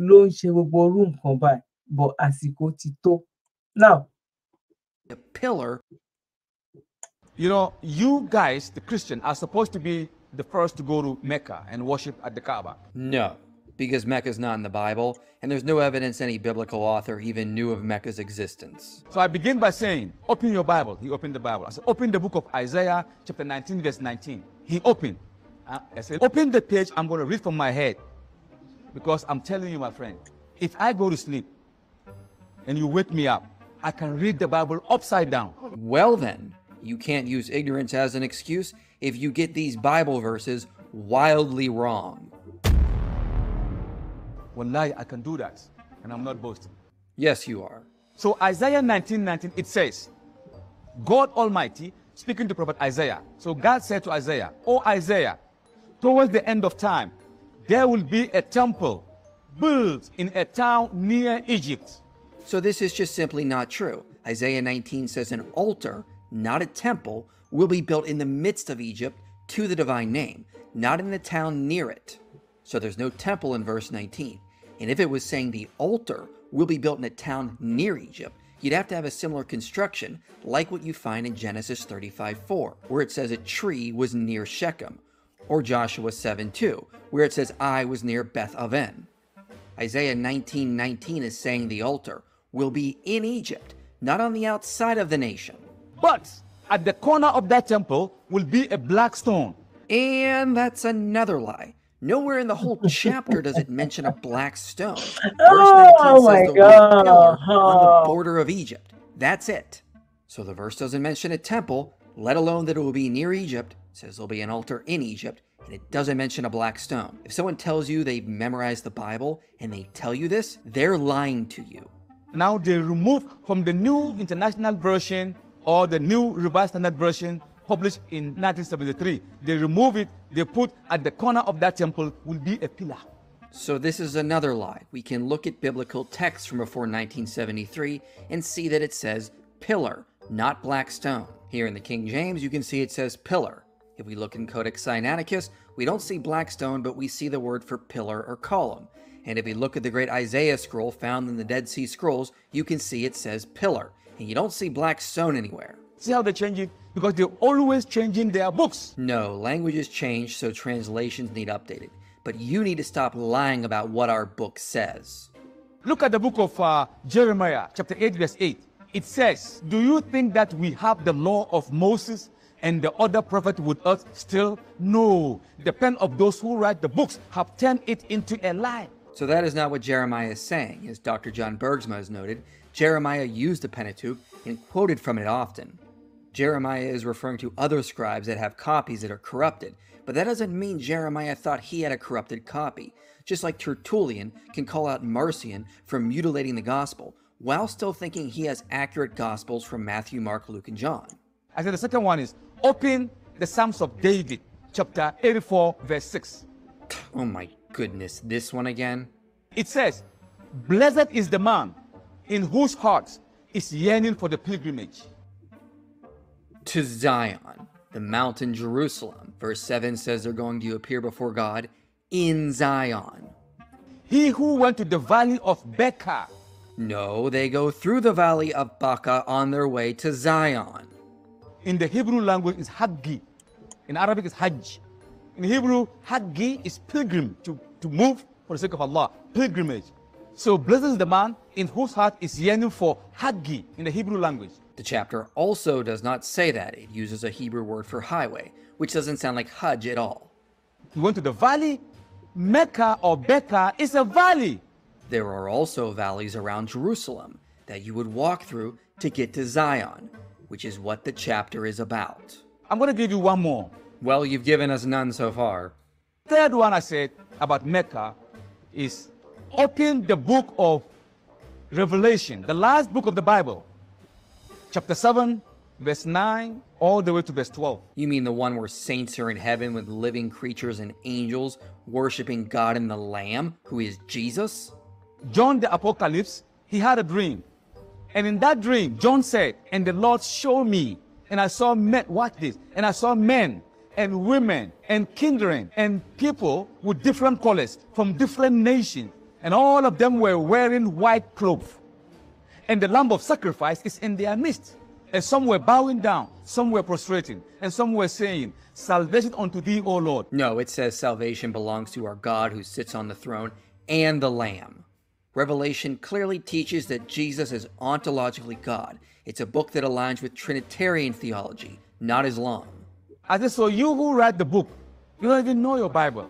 ló ń ṣe gbogbo orú nǹkan báyìí but àsìkò ti tó now. A pillar. You know, you guys, the Christian, are supposed to be the first to go to Mecca and worship at the Kaaba? No, because Mecca is not in the Bible, and there's no evidence any biblical author even knew of Mecca's existence. So I begin by saying, open your Bible. He opened the Bible. I said, open the book of Isaiah, chapter 19, verse 19. He opened. I said, open the page. I'm going to read from my head because I'm telling you, my friend, if I go to sleep and you wake me up, I can read the Bible upside down. Well, then, you can't use ignorance as an excuse if you get these Bible verses wildly wrong. now I can do that, and I'm not boasting. Yes, you are. So Isaiah 19, 19, it says, God Almighty speaking to prophet Isaiah. So God said to Isaiah, Oh Isaiah, towards the end of time, there will be a temple built in a town near Egypt. So this is just simply not true. Isaiah 19 says an altar, not a temple, will be built in the midst of Egypt to the divine name, not in the town near it. So there's no temple in verse 19. And if it was saying the altar will be built in a town near Egypt, you'd have to have a similar construction like what you find in Genesis 35:4, where it says a tree was near Shechem, or Joshua 7:2, where it says I was near Beth Aven. Isaiah 19:19 is saying the altar will be in Egypt, not on the outside of the nation. But at the corner of that temple will be a black stone. And that's another lie. Nowhere in the whole chapter does it mention a black stone. Verse oh says my the God. pillar on the border of Egypt. That's it. So the verse doesn't mention a temple, let alone that it will be near Egypt. says there'll be an altar in Egypt, and it doesn't mention a black stone. If someone tells you they've memorized the Bible and they tell you this, they're lying to you. Now they remove from the New International Version or the new revised standard version published in 1973. They remove it, they put at the corner of that temple will be a pillar. So, this is another lie. We can look at biblical texts from before 1973 and see that it says pillar, not black stone. Here in the King James, you can see it says pillar. If we look in Codex Sinaiticus, we don't see black stone, but we see the word for pillar or column. And if we look at the great Isaiah scroll found in the Dead Sea Scrolls, you can see it says pillar. You don't see stone anywhere. See how they're changing? Because they're always changing their books. No, languages change, so translations need updated. But you need to stop lying about what our book says. Look at the book of uh, Jeremiah, chapter 8, verse 8. It says, Do you think that we have the law of Moses and the other prophet with us still? No. The pen of those who write the books have turned it into a lie. So that is not what Jeremiah is saying. As Dr. John Bergsma has noted, Jeremiah used the Pentateuch and quoted from it often. Jeremiah is referring to other scribes that have copies that are corrupted, but that doesn't mean Jeremiah thought he had a corrupted copy, just like Tertullian can call out Marcion for mutilating the gospel while still thinking he has accurate gospels from Matthew, Mark, Luke, and John. I said the second one is open the Psalms of David, chapter 84, verse 6. Oh my goodness, this one again? It says, Blessed is the man in whose hearts is yearning for the pilgrimage. To Zion, the mountain Jerusalem. Verse 7 says they're going to appear before God in Zion. He who went to the valley of Becca. No, they go through the valley of Baca on their way to Zion. In the Hebrew language, it's Haggi. In Arabic, it's Hajj. In Hebrew, Haggi is pilgrim, to, to move for the sake of Allah, pilgrimage. So blessed is the man in whose heart is yearning for Haggi in the Hebrew language. The chapter also does not say that. It uses a Hebrew word for highway, which doesn't sound like Hajj at all. You went to the valley? Mecca or Becca is a valley. There are also valleys around Jerusalem that you would walk through to get to Zion, which is what the chapter is about. I'm going to give you one more. Well, you've given us none so far. Third one I said about Mecca is open the book of Revelation, the last book of the Bible, chapter 7, verse 9, all the way to verse 12. You mean the one where saints are in heaven with living creatures and angels worshiping God and the Lamb, who is Jesus? John the Apocalypse, he had a dream. And in that dream, John said, And the Lord showed me, and I saw men, watch this, and I saw men and women and kindred and people with different colors from different nations and all of them were wearing white clothes. And the lamb of sacrifice is in their midst. And some were bowing down, some were prostrating, and some were saying, Salvation unto thee, O Lord. No, it says salvation belongs to our God who sits on the throne and the Lamb. Revelation clearly teaches that Jesus is ontologically God. It's a book that aligns with Trinitarian theology, not Islam. I said, so you who read the book, you don't even know your Bible.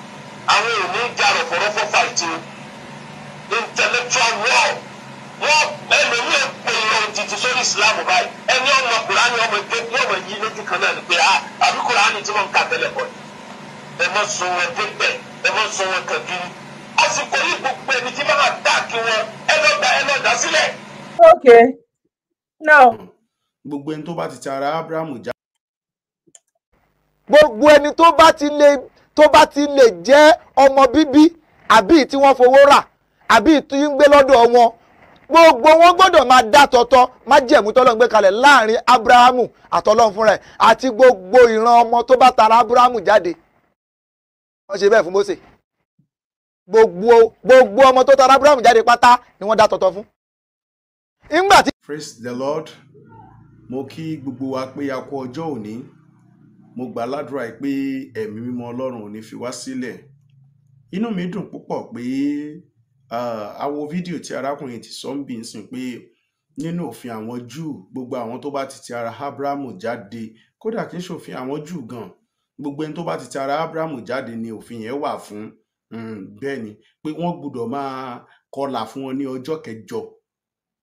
àwọn ò jà rọ̀pọ̀rọ̀pọ̀ fàìtì intellectual war wọ́n ẹlòmíì pè lọ òtítù sórí islam báyìí ẹni ọmọ kùránì ọmọ ẹgbẹ́ ní ọmọ yìí lójú kan náà ni pé ah, àbí kùránì tí wọ́n kà tẹ́lẹ̀ bọ̀ ẹ mọ sọ wọn débẹ̀ ẹ mọ sọ wọn kàkiri àsìkò yìí gbogbo ẹni tí bá dà kí wọn ẹ lọ dá ẹ lọ dá sílẹ̀. okay now. gbogbo ẹni tó bá ti ti ara abrahamu já. gbogbo ẹni tó bá ti lè. Le tó bá ti lè jẹ́ ọmọ bíbí àbí tí wọ́n fowó rà àbí tí ń gbé lọ́dọ̀ wọn gbogbo wọn gbọ́dọ̀ máa dá tọ́tọ́ má jẹ̀mú tọ́lọ́ gbé kalẹ̀ láàrin abrahamu àtọ́lọ́hún fúnra ẹ̀ àti gbogbo ìran ọmọ tó bá tara abrahamu jáde wọ́n ṣe bẹ́ẹ̀ fún Mósè gbogbo gbogbo ọmọ tó tara abrahamu jáde pátá ni wọ́n dá tọ́tọ́ fún. nígbà tí. praise the lord mo kí gbogbo wa pé a kú ọjọ́ òní mo gbà ládùúrà pé ẹ̀mí mímọ́ ọlọ́run ò ní fi wá sílẹ̀ inú mi dùn púpọ̀ pé a wo fídíò tí arákùnrin ti sọ ń bì ń sìn pé nínú òfin àwọn júù gbogbo àwọn tó bá ti ti ara abrahamu jáde kódà kì í ṣòfin àwọn júù gan gbogbo ẹni tó bá ti ti ara abrahamu jáde ni òfin yẹn wà fún bẹ́ẹ̀ ni pé wọ́n gbọ́dọ̀ máa kọlà fún wọn ní ọjọ́ kẹjọ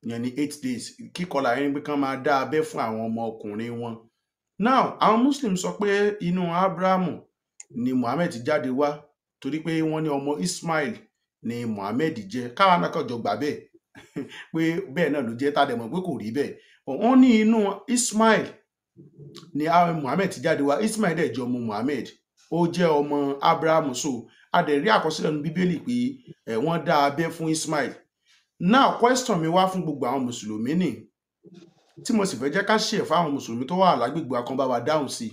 yẹn ni eight days kíkọlà yẹn pé kán máa dá abẹ́ fún àwọn ọmọ ọkùnrin wọn now àwọn muslim sọ pé inú abrahamu ni muhammed jáde wá torí pé wọ́n ní ọmọ ismail ni muhammed jẹ́ káwọn anákọjọ gbà bẹ́ẹ̀ pé bẹ́ẹ̀ náà ló jẹ́ tá a dẹ̀ pé kò rí bẹ́ẹ̀ wọ́n ní inú ismail ni muhammed jáde wá ismail dẹ̀ jẹ́ ọmọ muhammed ó jẹ́ ọmọ abrahamu so a dẹ̀ rí àkọsílẹ̀ nínú bíbélì pé ẹ̀ eh, dá abẹ́ fún ismail now question mi wá fún gbogbo àwọn mùsùlùmí nìyí tí mo sì fẹ́ jẹ́ ká ṣe fáwọn mùsùlùmí tó wà lágbègbè akọ́nbá wa dáhùn sí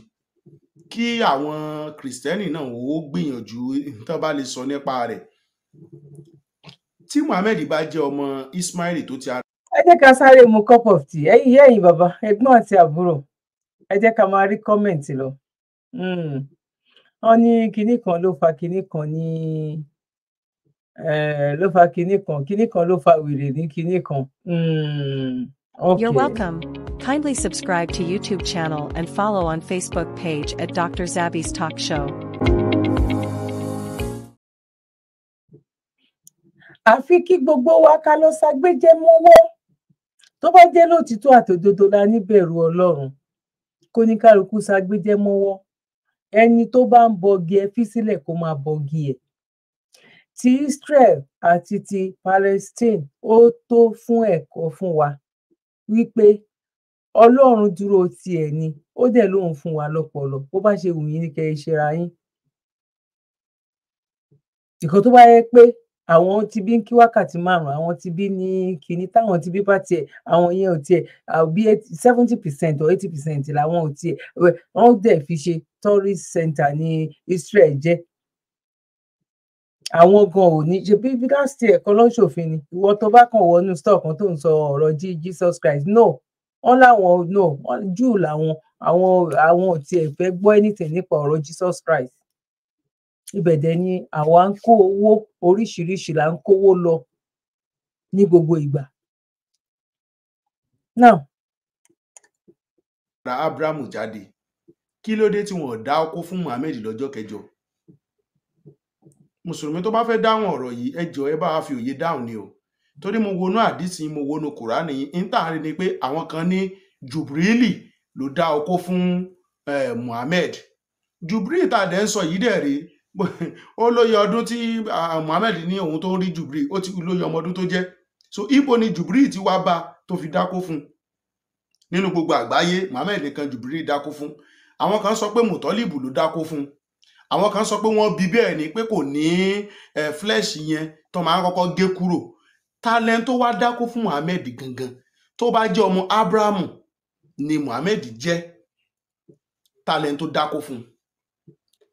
kí àwọn kìrìsìtẹ́nì náà ó gbìyànjú tán bá lè sọ nípa rẹ̀ tí Muhammed bá jẹ́ ọmọ Ismail tó ti ara. ẹ jẹ́ ká sáré mu cup of tea ẹ̀yin yẹ́ ẹ̀yin bàbá ẹ̀gbọ́n àti àbúrò ẹ jẹ́ ká máa rí kọ́mẹ̀ǹtì lọ. Hmm. wọ́n ní kinní kan ló fa kinní kan ní eh, ló fa kinní kan kinní kan ló fa wèrè ní kinní kan. Hmm. Okay. You're welcome. Kindly subscribe to YouTube channel and follow on Facebook page at Dr. Zabby's Talk Show. àfi kí gbogbo wa ká lọ ṣàgbéjẹ mọ́wọ́ tó bá jẹ́ lótìtọ́ àtòdodo la níbẹ̀rù Ọlọ́run kó ní kálukú ṣàgbéjẹ mọ́wọ́ ẹni tó bá ń bọgi ẹ fi sílẹ̀ kó máa bọgi ẹ ti Israel àti ti Palestine ó tó fún ẹ̀kọ́ fún wa wípé ọlọ́run dúró tiẹ̀ ni ó dẹ̀ lóun fún wa lọ́pọlọ bó bá ṣe wù yín ni kẹ́ ẹ ṣera yín nǹkan tó bá yẹ pé àwọn tí bí ń kí wákàtí márùn àwọn tí bí ní kinní táwọn tí bí bá tiẹ̀ àwọn yẹn ò tiẹ̀ bí seventy percent or eighty percent làwọn ò tiẹ̀ wọ́n dẹ̀ fi ṣe tourist center ní Israel jẹ́ àwọn gan ò ní ṣe bí last year kan lọ́sọ̀fin ni ìwọ tó bá kàn wọnú stock kan tó ń sọ ọ̀rọ̀ jí Jesus Christ no wọn láwọn no jù làwọn àwọn àwọn ò tiẹ̀ fẹ́ gbọ́ anything nípa ọ̀rọ̀ Jesus Christ ibẹ̀ dẹ̀ ni àwa ń kó owó oríṣiríṣi là ń kówó lọ ní gbogbo ìgbà now. ra Abrahamu jáde kí ló dé tí wọn ò dá ọkọ fún Muhammed lọ́jọ́ kẹjọ mùsùlùmí tó bá fẹ́ dáhùn ọ̀rọ̀ yìí ẹ jọ ẹ bá wa fi òye dáhùn ni o torí mo wọnú àdìsí mo wọnú kùránì intanet ni pé àwọn kan ní jubrili ló dá okó fún Muhammad jubril tá a dẹ̀ ń sọ yìí dẹ̀ rèé ó lóye ọdún tí Muhammed ní òun tó ń rí Jubril ó ti lóye ọmọ ọdún tó jẹ́ so ibo ni Jubril ti wá bá tó fi dákó fún nínú gbogbo àgbáyé Muhammed nìkan Jubril dákó fún àwọn kan sọ pé mùtọ́lìbù ló dákó fún àwọn kan sọ pé wọ́n bí bẹ́ẹ̀ ni pé kò ní flesh yẹn tó máa ń kọ́kọ́ gé kúrò talent tó wá dákú fún Muhammed gangan tó bá jẹ́ ọmọ Abrahamu ni Muhammed jẹ́ talent tó dákú fún un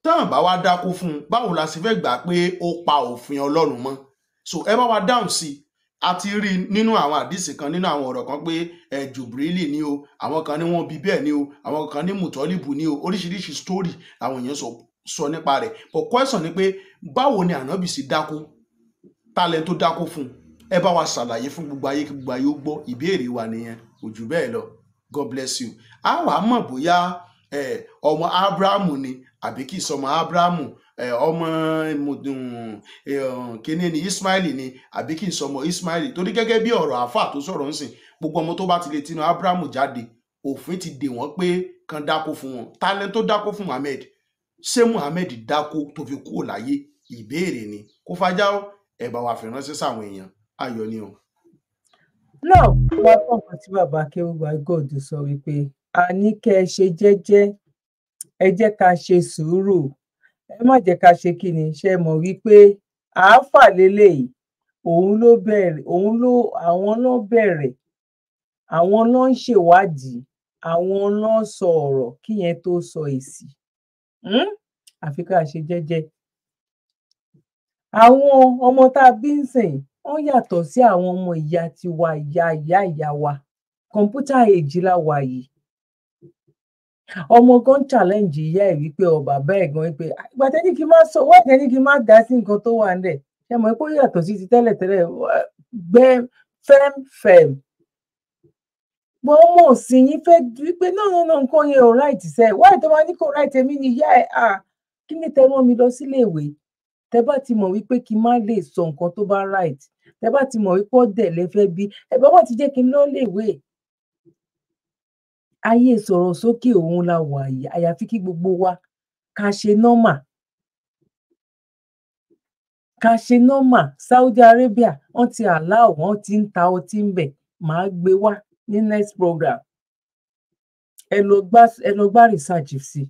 tán bá wá dákú fún un báwo la sì fẹ́ gbà pé ó pa òfin Ọlọ́run mọ́ so ẹ bá wa dáhùn sí i a ti rí i nínú àwọn àdìsí kan nínú àwọn ọ̀rọ̀ kan pé ẹ Jùbírílì ni o àwọn kan ní wọ́n bí bẹ́ẹ̀ ni o àwọn kan ní mùtọ́lìbù ni o oríṣiríṣi story àwọn èèyàn sọ sọ nípa rẹ̀ but question ni pé báwo ni ànábì sì dákó talent tó dákó fún un ẹ bá wa ṣàlàyé fún gbogbo ayé kí gbogbo ayé ó gbọ́ ìbéèrè wa nìyẹn òjù bẹ́ẹ̀ lọ god bless you a wàá mọ̀ bóyá ọmọ abrahamu ni àbí kì í sọmọ abrahamu ọmọ kíní ni ismaili ni àbí kì í sọmọ ismaili torí gẹ́gẹ́ bí ọ̀rọ̀ àáfà tó sọ̀rọ̀ ń sìn gbogbo ọmọ tó bá ti lè tinú abrahamu jáde òfin ti dè wọ́n pé kan dákó fún wọn talent tó dákó fún muhammed ṣé Muhammed dákó tó fi kúrò láyé ìbéèrè ni kó fàjà ẹ bá wa fi ránṣẹ́ sáwọn èèyàn ayọ̀ ni o. náà wá pọ̀npọ̀ tí bàbá akéwùgbà god sọ wípé a ní kẹ́ ẹ ṣe jẹ́jẹ́ ẹ jẹ́ ká ṣe sùúrù ẹ má jẹ́ ká ṣe kí ni ṣe mọ̀ wípé àáfà lélẹ́yìí òun ló bẹ̀rẹ̀ òun ló àwọn ló bẹ̀rẹ̀ àwọn ló ń ṣèwádìí àwọn ló ń sọ ọ̀rọ̀ kíyẹn tó sọ èsì Hmm? àfi ká ṣe jẹ́jẹ́ àwọn ọmọ tá a bí ń sìn wọn yàtọ̀ sí àwọn ọmọ ìyá tiwa ìyá ìyá ìyá wa kọ̀ǹpútà èjì la wà yìí ọmọ kan challenge ìyá ẹ wípé ọ bàbá ẹ gan pé ah, ìgbà tẹ́ni kí n má sọ wọ́n tẹ́ni kí n má dá sí nǹkan tó wà nílẹ̀ ẹ mọ̀ pé ó yàtọ̀ sí ti tẹ́lẹ̀tẹ́lẹ̀ gbẹ́m fẹ́m mo mọ̀ sí yín fẹ́ wípé náà náà náà nǹkan yẹn ò ráìtì sẹ́ wá ìtọ́ wa ní kò ráìtì èmi ni ìyá ẹ̀ à ah, kí ni tẹ́ rán mi lọ sílé ìwé bá ti mọ̀ wípé kí n má lè sọ nǹkan tó bá ráìtì tẹ́ bá ti mọ̀ wípé ọ̀dẹ̀ lẹ fẹ́ bí ẹ bá wà ti jẹ́ kí n lọ lè ayé sọ̀rọ̀ sókè òun la wà yìí àyàfi kí gbogbo wa ká ṣe nọ́mà ká ṣe nọ́mà Saudi Arabia wọ́n ti àláwọ̀ wọ́n ti ń ta ọtí ń bẹ̀ máa gbé wá ní next program ẹ lọ gbá ẹ lọ gbá research sí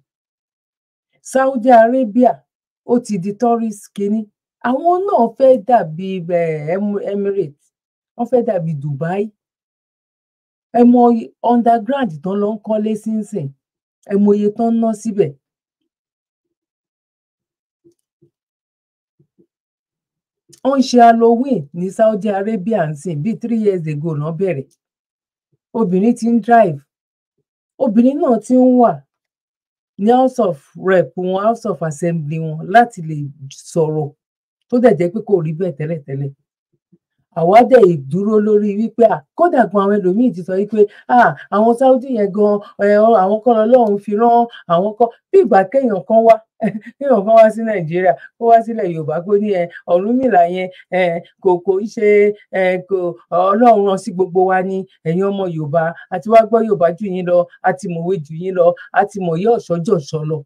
Saudi Arabia ó ti di tourist kínní àwọn náà fẹ́ dàbí eh, Emirates wọ́n fẹ́ dàbí Dubai ẹ mọ underground tán ló ń kọ́lé sínsìn ẹ mọ iye tán ń ná síbẹ̀. wọ́n ń ṣe Halloween ní Saudi Arabia ń sìn bíi three years ago náà bẹ̀rẹ̀ obìnrin ti ń drive obìnrin náà ti ń wà ní house of rep wọn house of assembly wọn láti lè sọ̀rọ̀ tó dẹ̀ jẹ́ pé kò rí bẹ́ẹ̀ tẹ́lẹ̀tẹ́lẹ̀ àwa dẹ̀ dúró lórí wípé kódà gan àwọn ẹlòmíì ti sọ wípé àwọn Saudi yẹn gan àwọn kọ́ lọ́lọ́run fi rán àwọn kọ́ bí ìgbà kéèyàn kan wá kéèyàn kan wá sí Nàìjíríà kó wá sílẹ̀ Yorùbá kó ní ẹ Ọ̀rúnmìlà yẹn kò kò ṣe kò Ọlọ́run rán sí gbogbo wa ní ẹ̀yin ọmọ Yorùbá àti wá gbọ́ Yorùbá jù yín lọ àti mọ̀wé jù yín lọ àti mọ̀yé ọ̀ṣọ́jọ̀ṣọ́ lọ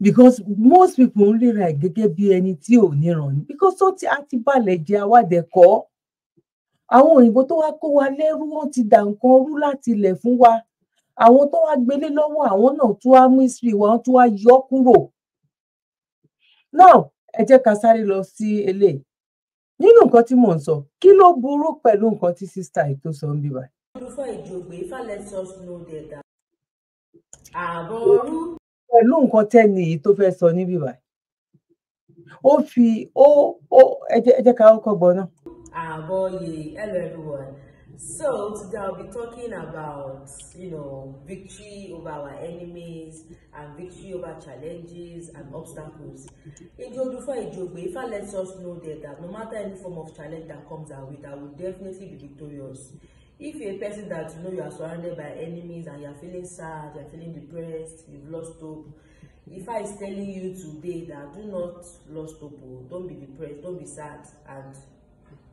because most people only ríra ẹ̀ gẹ́gẹ́ bí ẹni tí ò níran ni because ó ti àti balẹ̀ jẹ́ awádẹ̀ kọ́ àwọn òyìnbó tó wá kó wa lẹ́rú wọ́n ti dà nǹkan rú láti ilẹ̀ fún wa àwọn tó wá gbélé lọ́wọ́ àwọn náà tó wá mú history wa tó wá yọ kúrò now ẹ jẹ́ ká sáré lọ sí eléyìí nínú nǹkan tí mò ń sọ kí ló burú pẹ̀lú nǹkan tí sísá yìí tó sọ ń bí wa. olùfọ́ ìjògbè ifá let us know uh, pẹ̀lú nǹkan tẹ́ni yìí tó fẹ́ sọ níbí báyìí ó fi ó ó ẹ jẹ́ ká kọ́kọ́ gbọ́ náà. ààbọ̀ yìí hello everyone so today i'll be talking about you know victory over our enemies and victory over challenges and obstacles ijodufa ijogbe Ifa lets us know that, that no matter any form of challenge that comes our way that we will definitely be victorious if you're a person that you know you are surrounded by enemies and you are feeling sad you're feeling depressed you've lost hope If I is telling you today that do not lost hope oh, don't be depressed don't be sad and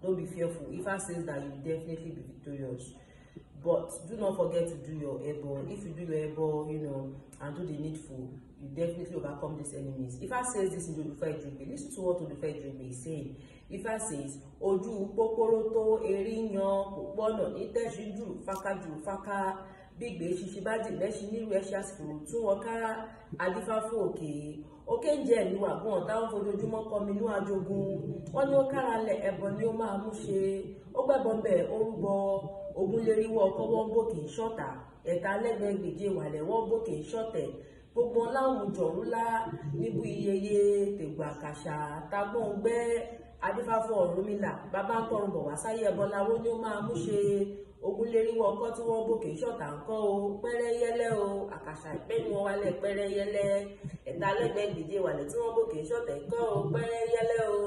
don't be fearful If I says that you definitely be victorious but do not forget to do your airball if you do your airball you know and do the needful you definitely overcome these enemies If I say this in Yoruba Ijugbe listen to what Yoruba Ijugbe is saying Ifá says ojú pópóró tó erí yan kò pọ́nà ní tẹ́síjú fákájú fáká gbígbé ṣíṣe bá dì lẹ́sìn nílùú ẹ̀ṣẹ̀ àsìkò tó wọn kára adífáfó òkè òkè ń jẹ́ ìlú àgbọn ọ̀tá ó fojoojúmọ́ kọmi inú ajogun wọ́n ní ó kára lẹ̀ ẹbọ ni ó máa mú ṣe ó gbẹ́bọ̀ bẹ̀ orúbọ ogunléríwọ ọkọ wọn gòkè ṣọta ẹ̀ka lẹgbẹgbèje ìwàlẹ wọn gòkè ṣọtẹ gbogbo láwùjọ ńlá níbu iyeye tègbàkàṣà tagbóńgbẹ adífáfọ ọ̀rúnmìlà bàbá kọrùn bọ̀ wá sáyé ẹbọláwó ni ó máa mú ṣe ogunléríwọ ọkọ tí wọn gòkè ṣọta ńkọ o pẹrẹyẹlẹ o àkàṣà ìpẹnu wálẹ pẹrẹyẹlẹ ẹ̀ka lẹgbẹgbèje ìwàlẹ tí wọn gòkè ṣọtẹ ńkọ o pẹrẹyẹlẹ o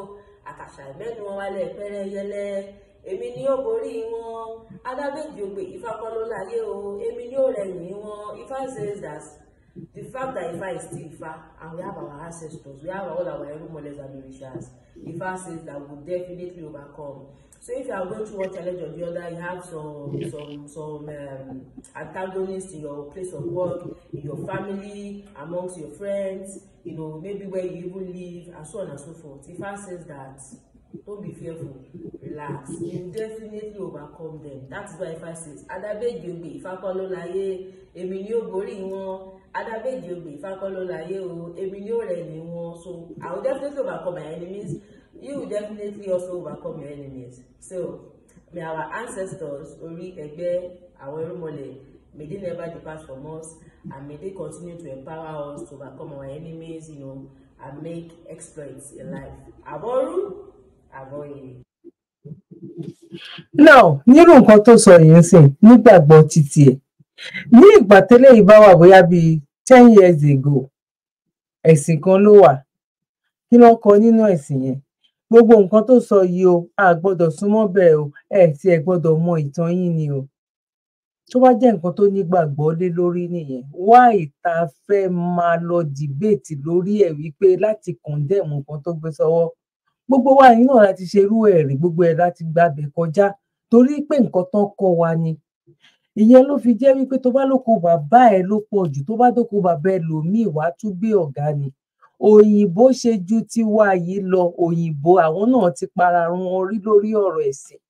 àkàṣà ìpẹnu wálẹ pẹrẹyẹlẹ èmi ni ó borí wọn adábẹ́jì ògbè Ifá kọ́ ló láyé o èmi ni ó rẹ̀yìn wọn Ifá says that the fact that Ifá is still Ifá and we have our ancestors we have all our erumoles and orishas Ifá says that we will definitely overcome so if you are going through one challenge or the other you have some some some um, antagonists in your place of work in your family amongst your friends you know maybe where you even live and so on and so forth Ifá says that. Don't be fearful. Relax. You will definitely overcome them. That is why Ifá says, Adábẹ́jì ogbè Ifá kọ́ ló láyé, èmi ni ó borí wọn. Adábẹ́jì ogbè Ifá kọ́ ló láyé o, èmi ni ó So I will definitely overcome my enemies. You will definitely also overcome your enemies. So may our ancestors, Ori ẹgbẹ́ àwọn irúnmọlẹ̀, may they never depart from us and may they continue to empower us to overcome our enemies, you know, and make exploits in life. Àbọ̀rú àbọ̀yè. now nírú nǹkan tó sọ yìí ń sìn nígbàgbọ́ títí ẹ̀ ní ìgbà tẹ́lẹ̀ yìí bá wà bóyá bíi ten years ago ẹ̀sìn kan ló wà kí ló ń kọ nínú ẹ̀sìn yẹn gbogbo nǹkan tó sọ yìí o a gbọ́dọ̀ súnmọ́ bẹ́ẹ̀ o ẹ̀ tí ẹ gbọ́dọ̀ mọ ìtàn yín ni o tó bá jẹ́ nǹkan tó nígbàgbọ́ lé lórí nìyẹn why ta fẹ́ máa lọ dìbéètì lórí ẹ̀ wípé láti condemn nǹkan tó gbé sọ́wọ́ gbogbo wa yìí náà láti ṣe irú ẹ̀ rí gbogbo ẹ̀ láti gbàbẹ̀ kọjá torí pé nǹkan tán kọ́ wa ni ìyẹn ló fi jẹ́ wípé tó bá lóko bàbá ẹ ló pọ̀ jù tó bá dóko bàbá ẹ lòmíì wàá tún gbé ọ̀gá ni òyìnbó ṣe ju tiwa yìí lọ òyìnbó àwọn náà ti para run orí lórí ọ̀rọ̀ ẹ̀sìn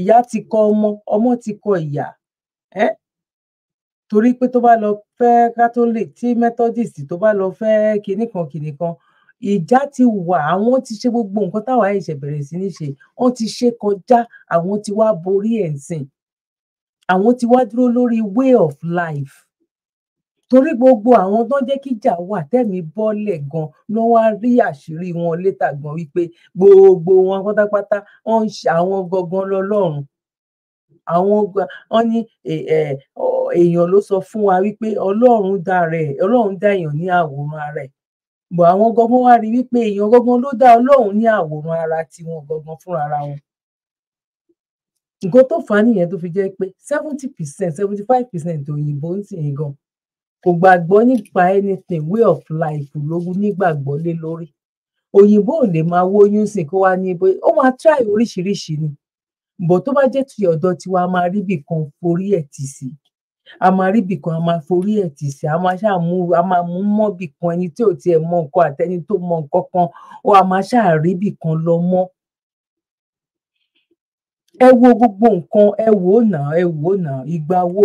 ìyá ti kọ ọmọ ọmọ ti kọ ìyá ẹ torí pé tó bá lọ fẹ́ catholic tí methodist tó bá lọ fẹ́ kinní kan kinní kan ìjà ti wà àwọn ti ṣe gbogbo nǹkan táwa ẹ̀ṣẹ̀ bẹ̀rẹ̀ sí ní ṣe wọ́n ti ṣe kọjá àwọn ti wá borí ẹ̀ ń sìn àwọn ti wá dúró lórí way of life torí gbogbo àwọn tó ń jẹ́ kíjà wà tẹ̀mí bọ́lẹ̀ gan ló wá rí àṣírí wọn létà gan wípé gbogbo wọn pátápátá wọ́n ń ṣe àwọn gangan lọ́lọ́run àwọn wọ́n ní èèyàn ló sọ fún wa wípé ọlọ́run dá rẹ̀ ọlọ́run dá èèyàn ní àwòrán ara bọ àwọn gangan wá rí wípé èèyàn gangan ló dá Ọlọ́run ní àwòrán ara tiwọn gangan fúnra wọn nǹkan tó fà á nìyẹn tó fi jẹ́ pé seventy percent seventy five percent òyìnbó ń tì í gan kò gbàgbọ́ nípa anything way of life lógún nígbàgbọ́ lé lórí òyìnbó ò lè máa wóyún sí kó wá ní bóyá ó máa try oríṣiríṣi ni bọ̀ tó bá jẹ́ ti ọ̀dọ̀ tiwa máa rí bìkan forí ẹ̀ tì sí a máa rí bìkan a máa forí ẹ̀ tì sí a máa ṣáà mú a máa mú mọ́ bìkan ẹni tí ò tiẹ̀ mọ nǹkan àtẹni tó mọ nǹkan kan ó a máa ṣáà rí bìkan lọ mọ́ ẹ wo gbogbo nǹkan ẹ wò ó nà ẹ wò ó nà ìgbà wo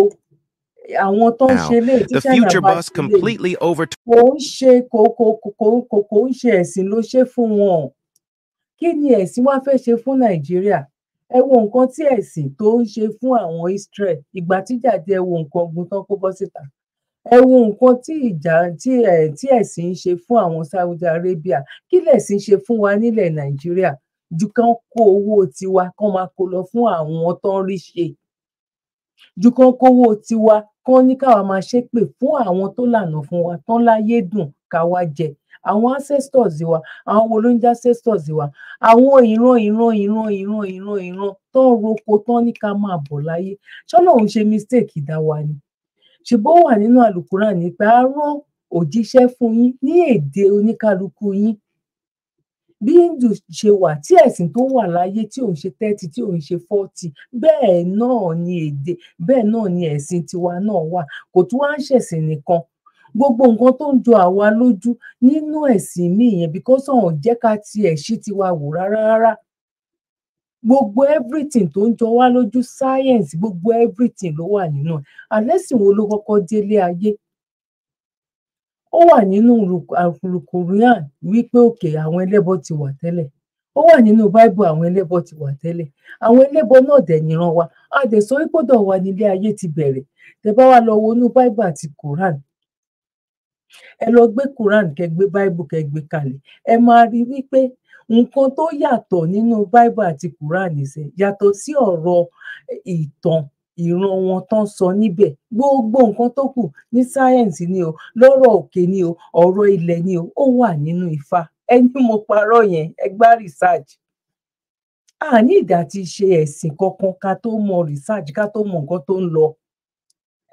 àwọn tó ń ṣe lè tí China bá ti lè kò ń ṣe kò kò kò kò kò ń ṣe ẹ̀sìn ló ṣe fún wọn kí ni ẹ̀sìn wá fẹ́ ṣe fún Nàìjíríà ẹ wo nǹkan tí ẹ̀sìn tó ń ṣe fún àwọn Israel ìgbà tíjà di ẹ wo nǹkan ogun tán kó bọ́ síta ẹ wo nǹkan tí ìjà tí ẹ tí ẹ̀sìn ń ṣe fún àwọn Saudi Arabia kí lẹ̀sìn ṣe fún wa nílẹ̀ Nàìjíríà ju kán kó owó tiwa kán máa kó lọ fún àwọn tó ń rí ṣe ju kán kówó tiwa kán ní káwa máa ṣépè fún àwọn tó lànà fún wa tán láyé dùn káwa jẹ àwọn ancestors wa àwọn wo ló ń jẹ́ ancestors wa àwọn ìran ìran ìran ìran ìran ìran tó ń roko tán ní ká máa bọ̀ láyé ṣọ́nà òun ṣe mistake ìdá ni ṣùgbọ́n ó wà nínú àlùkùrán ní pé a rán òjíṣẹ́ fún yín ní èdè oníkálukú yín bí hindu ṣe wà tí ẹ̀sìn tó wà láyé tí òun ṣe thirty tí òun ṣe forty bẹ́ẹ̀ náà ni èdè bẹ́ẹ̀ náà ni ẹ̀sìn tiwa náà wà kò tún wá ń ṣẹ̀sìn nìkan gbogbo nǹkan tó ń jọ àwa lójú nínú ẹ̀sìn mi yẹn because wọn ò jẹ́ ká tiẹ̀ ṣí tiwa wò rárá rárá gbogbo everything tó ń jọ wá lójú science gbogbo everything ló wà nínú ẹ̀ àlẹ́sìn wo ló kọ́kọ́ délé ayé ó wà nínú Korean wípé òkè àwọn ẹlẹ́bọ ti wà tẹ́lẹ̀ ó wà nínú Bible àwọn ẹlẹ́bọ ti wà tẹ́lẹ̀ àwọn ẹlẹ́bọ náà dẹ̀ níran wa a dẹ̀ sọ wípé ọ̀dọ̀ wa nílé ayé ti bẹ̀rẹ̀ tẹ́ bá wá lọ wo inú Bible àti Koran ẹ lọ gbé quran kẹ gbé bible kẹ gbé kalẹ̀ ẹ máa rí wípé nǹkan tó yàtọ̀ nínú bible àti quran ṣe yàtọ̀ sí ọ̀rọ̀ ìtàn ìran wọn tán sọ níbẹ̀ gbogbo nǹkan tó kù ní sáyẹǹsì ni o lọ́rọ̀ òkè ni o ọ̀rọ̀ ilẹ̀ ni o ó wà nínú ifá ẹni mo parọ́ yẹn ẹ gbá research a ní ìdá ti ṣe ẹ̀sìn kankan ká tó mọ research ká tó mọ nǹkan tó ń lọ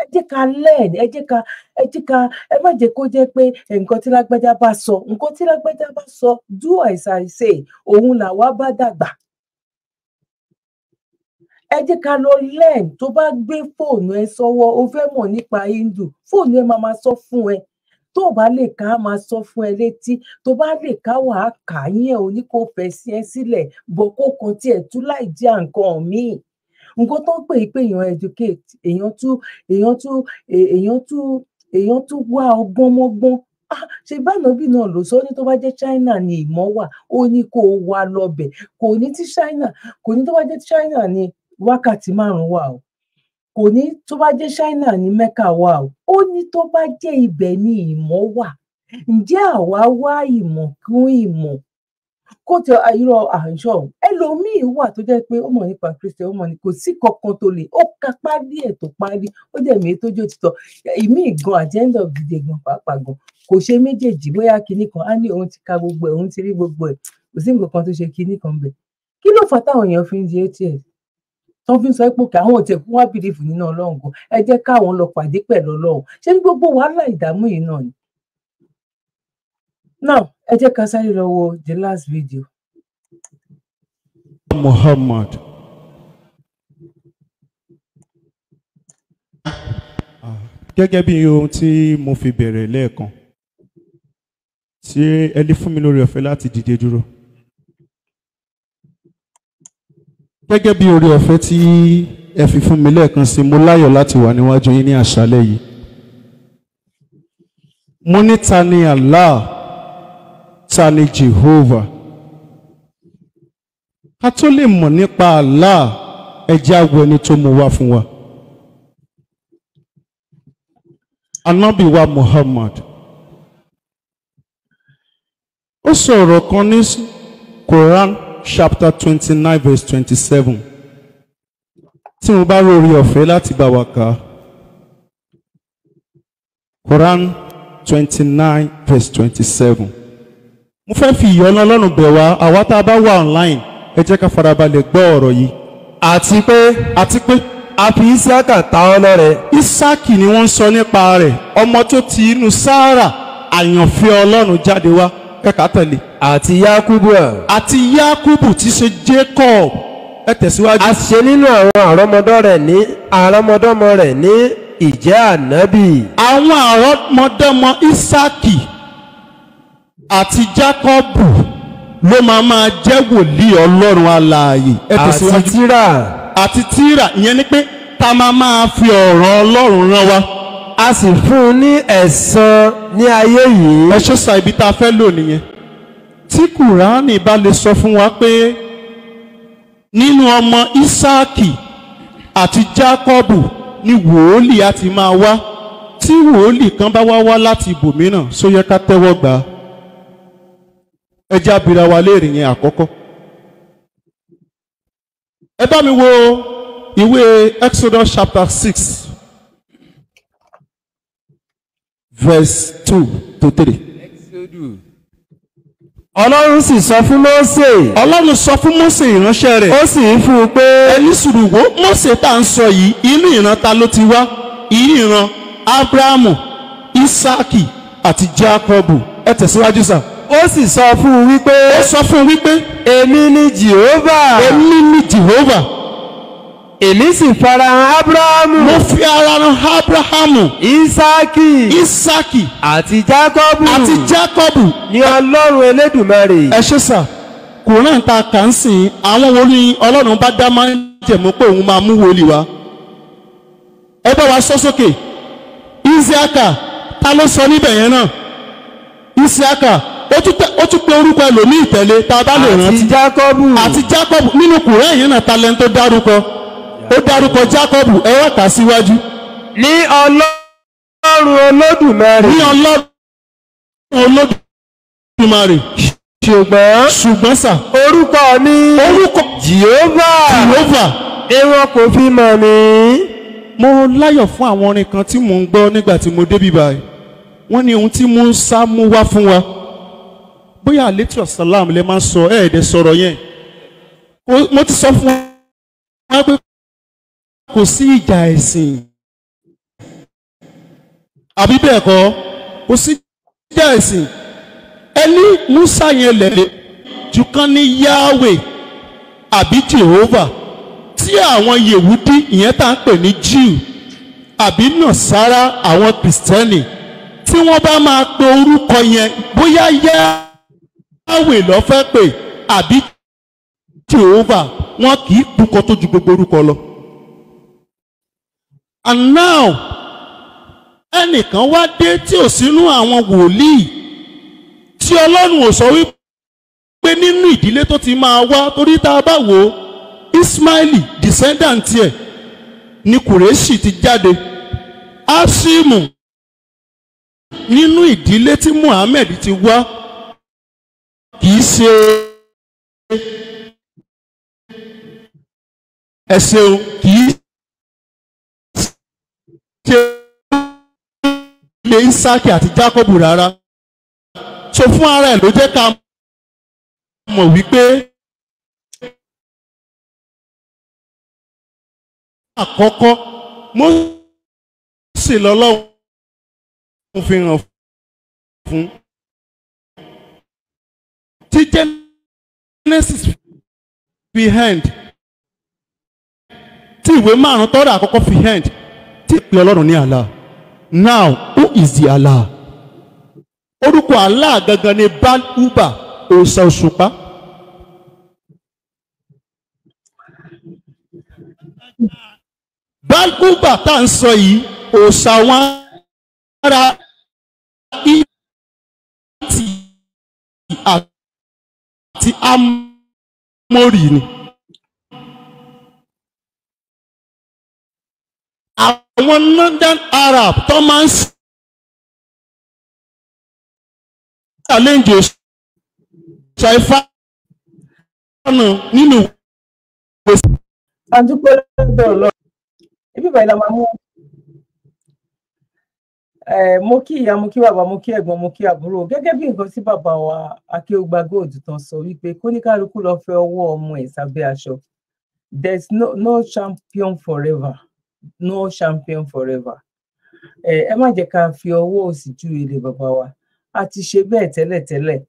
ẹ jẹ́ ká learn ẹ jẹ́ ká ẹ jẹ́ ká ẹ má jẹ́ kó jẹ́ pé nǹkan tí lágbájá bá sọ nǹkan tí lágbájá bá sọ do as I say òun làwa bá dàgbà ẹ jẹ́ ká lọ learn tó bá gbé fóònù ẹ sọ́wọ́ o fẹ́ mọ̀ nípa hindu fóònù ẹ máa máa sọ fún ẹ tó bá lè ká máa sọ fún ẹ létí tó bá lè ká wà kà á yẹn o ní kò fẹ́ sí ẹ sílẹ̀ bọ̀ kó kan tiẹ̀ tú láì jẹ́ nǹkan míì nǹkan tó ń pè é pé èèyàn educate èèyàn tún èèyàn tún e, èèyàn tún èèyàn tún wá ọgbọ́n mọ́gbọ́n ah, ṣe bánàbí náà ló sọ ní tó bá jẹ́ China ni ìmọ̀ wà ó ní kó o wá lọ́bẹ̀ kò ní ti China kò ní tó bá jẹ́ China ni wákàtí márùn-ún wà o kò ní tó bá jẹ́ China ni Mecca wà o ó ní tó bá jẹ́ ibẹ̀ ni ìmọ̀ wà ǹjẹ́ àwa wá ìmọ̀ kún ìmọ̀ kóòtù irọ́ àìsàn ẹlòmíín wà tó jẹ́ pé ó mọ̀ nípa kristian ó mọ̀ ní kò sí kankan tó lè ó ka páálí ẹ̀ tó páálí ó dẹ̀ mí tó jó títọ́ ìmí gan agenda gidi gan pàápàá gan kò ṣe méjèèjì bóyá kinní kan á ní òun ti ka gbogbo ẹ̀ òun ti rí gbogbo ẹ̀ kò sí nǹkan kan tó ṣe kinní kan bẹ̀ kí ló fà táwọn èèyàn fi ń di atm tó fi ń sọ pé àwọn ò tẹ̀ fún wá bìrìfù nínú ọlọ́run gan ẹ jẹ́ káwọn lọ pàdé pẹ̀lú ọlọ́run ṣé gbogbo wàhálà ìdààmú yìí náà ni now ẹ jẹ́ ká sáré lọ wo the last video. Muhammad. gẹ́gẹ́ bí ohun tí mo fi bẹ̀rẹ̀ lẹ́ẹ̀kan tí ẹ lè fún mi lórí ọ̀fẹ́ láti dìde dúró. gẹ́gẹ́ bí orí ọ̀fẹ́ tí ẹ fi fún mi lẹ́ẹ̀kan sí mo láyọ̀ láti wà níwájú yín ní àṣálẹ́ yìí. mo ní ni Allah ta ni Jehovah ká tó lè mọ̀ nípa Allah ẹ jẹ́ á wo ẹni tó mú wá fún wa anábì Muhammad ó sọ kan ní Quran chapter twenty nine verse twenty seven tí mo bá rórí ọ̀fẹ́ láti bá wa kà á Quran twenty nine verse twenty seven mo fẹ́ fi ìyọ́nú ọlọ́run bẹ̀ wá àwa tá a bá wà online ẹ jẹ́ ká farabalẹ̀ gbọ́ ọ̀rọ̀ yìí. àti pé àti pé a fi Ísákà ta ọ́ lọ́rẹ. Ísákì ni wọ́n ń sọ nípa rẹ̀ ọmọ tó ti inú Sárà àyànfẹ́ ọlọ́run jáde wá kẹ́kàá tẹ̀lé. àti Yakubu ẹ̀. àti Yakubu ti ṣe Jacob ẹ tẹ̀síwájú. a ṣe nínú àwọn àrọ́mọdọ́ rẹ̀ ní àrọ́mọdọ́mọ rẹ̀ ní ìjẹ́ ànábì. àwọn àrọ́mọdọ́mọ Ísákì àti Jákọ́bù ló máa máa jẹ́ wòlíì Ọlọ́run alààyè. àti Tíra. àti Tíra ìyẹn ni pé ta máa máa fi ọ̀rọ̀ Ọlọ́run rán wa. a sì fún un ní ẹ̀san ní ayé yìí. ẹ ṣó sa ibi tá a fẹ́ lò nìyẹn. tí Kùránì bá lè sọ fún wa pé nínú ọmọ Ísáàkì àti Jákọ́bù ni wòlíì a ti máa wá tí wòlíì kan bá wá wá láti ibòmíràn só ká tẹ́wọ́ gbà ẹ jẹ́ abira wa léèrè yẹn àkọ́kọ́ ẹ bá mi wo ìwé Exodus chapter six verse two to three. Ọlọ́run sì sọ fún Mósè. Ọlọ́run sọ fún Mósè ìránṣẹ́ rẹ̀. Ó sì ń fún un pé. Ẹni sùrùgbó Mósè tá à ń sọ yìí inú ìran ta ló ti wá ìyí ìran Ábúráhámù Ísáàkì àti Jákọ́bù ẹ tẹ̀síwájú sáà ó sì sọ fún un wípé. ó sọ fún un wípé. èmi ni Jèhófà. èmi ni Jèhófà. èmi sì farahàn Ábúráhámù. mo fi ara hàn Ábúráhámù. Ísáàkì. Ísáàkì. àti Jákọ́bù. àti Jákọ́bù. ní Ọlọ́run Elédùmarè. ẹ ṣe sà kùrán ta kà àwọn wo ni Ọlọ́run bá dá máa ń jẹ̀mú pé òun máa mú wòlíì wá. ẹ bá wa sọ sókè. Ísáàkà ta ló sọ níbẹ̀ yẹn náà. Ísáàkà ó tún pe orúkọ ẹlòmíì tẹ̀lé tá a bá lè rántí àti Jacobu, àti Jákọ́bù nínú kùrẹ́ yìí náà ta tó dárúkọ ó dárúkọ Jákọ́bù ẹ wá kà síwájú. ní Ọlọ́run Olódùmarè. ní Ọlọ́run Olódùmarè. ṣùgbọ́n ṣùgbọ́n sà. orúkọ mi. orúkọ Jehovah. Jehovah. ni wọn kò fi mọ̀ mí. mo láyọ̀ fún àwọn orin kan tí mò ń gbọ́ nígbà tí mo débi báyìí wọ́n ní ohun tí mo ń sá mú wá fún wa. Fún bóyá àlétí ọ̀sálàm lè máa sọ ẹ̀ ẹ̀dẹ̀ sọ̀rọ̀ yẹn mo ti sọ fún wọn pé kò sí ìjà ẹ̀sìn àbí bẹ́ẹ̀ kọ́ kò sí ìjà ẹ̀sìn ẹni Musa yẹn lẹ̀lẹ̀ jù ní Yahweh àbí Jehovah tí àwọn Yehudi ìyẹn tá à ń pè ní Jew àbí Nàsárà àwọn Kìrìsìtẹ́nì tí wọ́n bá máa pe orúkọ yẹn bóyá Yahweh yahweh lọ fẹ́ pè àbí jehovah wọn kì í kúkọ tó ju gbogbo orúkọ lọ. and now ẹnìkan wá dé tí ò sínú àwọn wòlíì tí ọlọ́run ò sọ wípé nínú ìdílé tó ti máa wá torí tá a bá wò ó ismaili descendant ẹ̀ ni kùrẹ́ṣì ti jáde asimu nínú ìdílé tí muhammed ti wá kì í ṣe ẹ ṣeun kì í ṣe ilé Ísákì àti Jákọ́bù rárá so fún ara ẹ̀ ló jẹ́ ká mọ̀ wípé àkọ́kọ́ Mósè lọ́lọ́run fi hàn fún. darkness is behind tí ìwé márùn tọ́rọ̀ àkọ́kọ́ fi hand tí ìpè ọlọ́run ní Allah now who is the Allah orúkọ Allah gangan ni bal uba òòṣà òṣùpá. bal uba tá à sọ yìí òòṣà wọn ara ìtì àti àti amórì ni. àwọn northern arab tó máa ń ṣàlẹ́ǹjì ṣàìfà ọ̀nà nínú ìwé. àdúgbò lọ́dọ̀ lọ ibi ìbàdàn máa mú un mo kí ìyá mo kí bàbá mo kí ẹ̀gbọ́n mo kí àbúrò gẹ́gẹ́ bí nǹkan tí bàbá wa akéwùgbà gold tán sọ wípé kóníkálukú lọ fẹ́ ọwọ́ ọmọ ẹ̀ sábẹ́ aṣọ there is no, no champion forever no champion forever ẹ má jẹ́ ká fi ọwọ́ òsì ju ilé bàbá wa a ti ṣe bẹ́ẹ̀ tẹ́lẹ̀tẹ́lẹ̀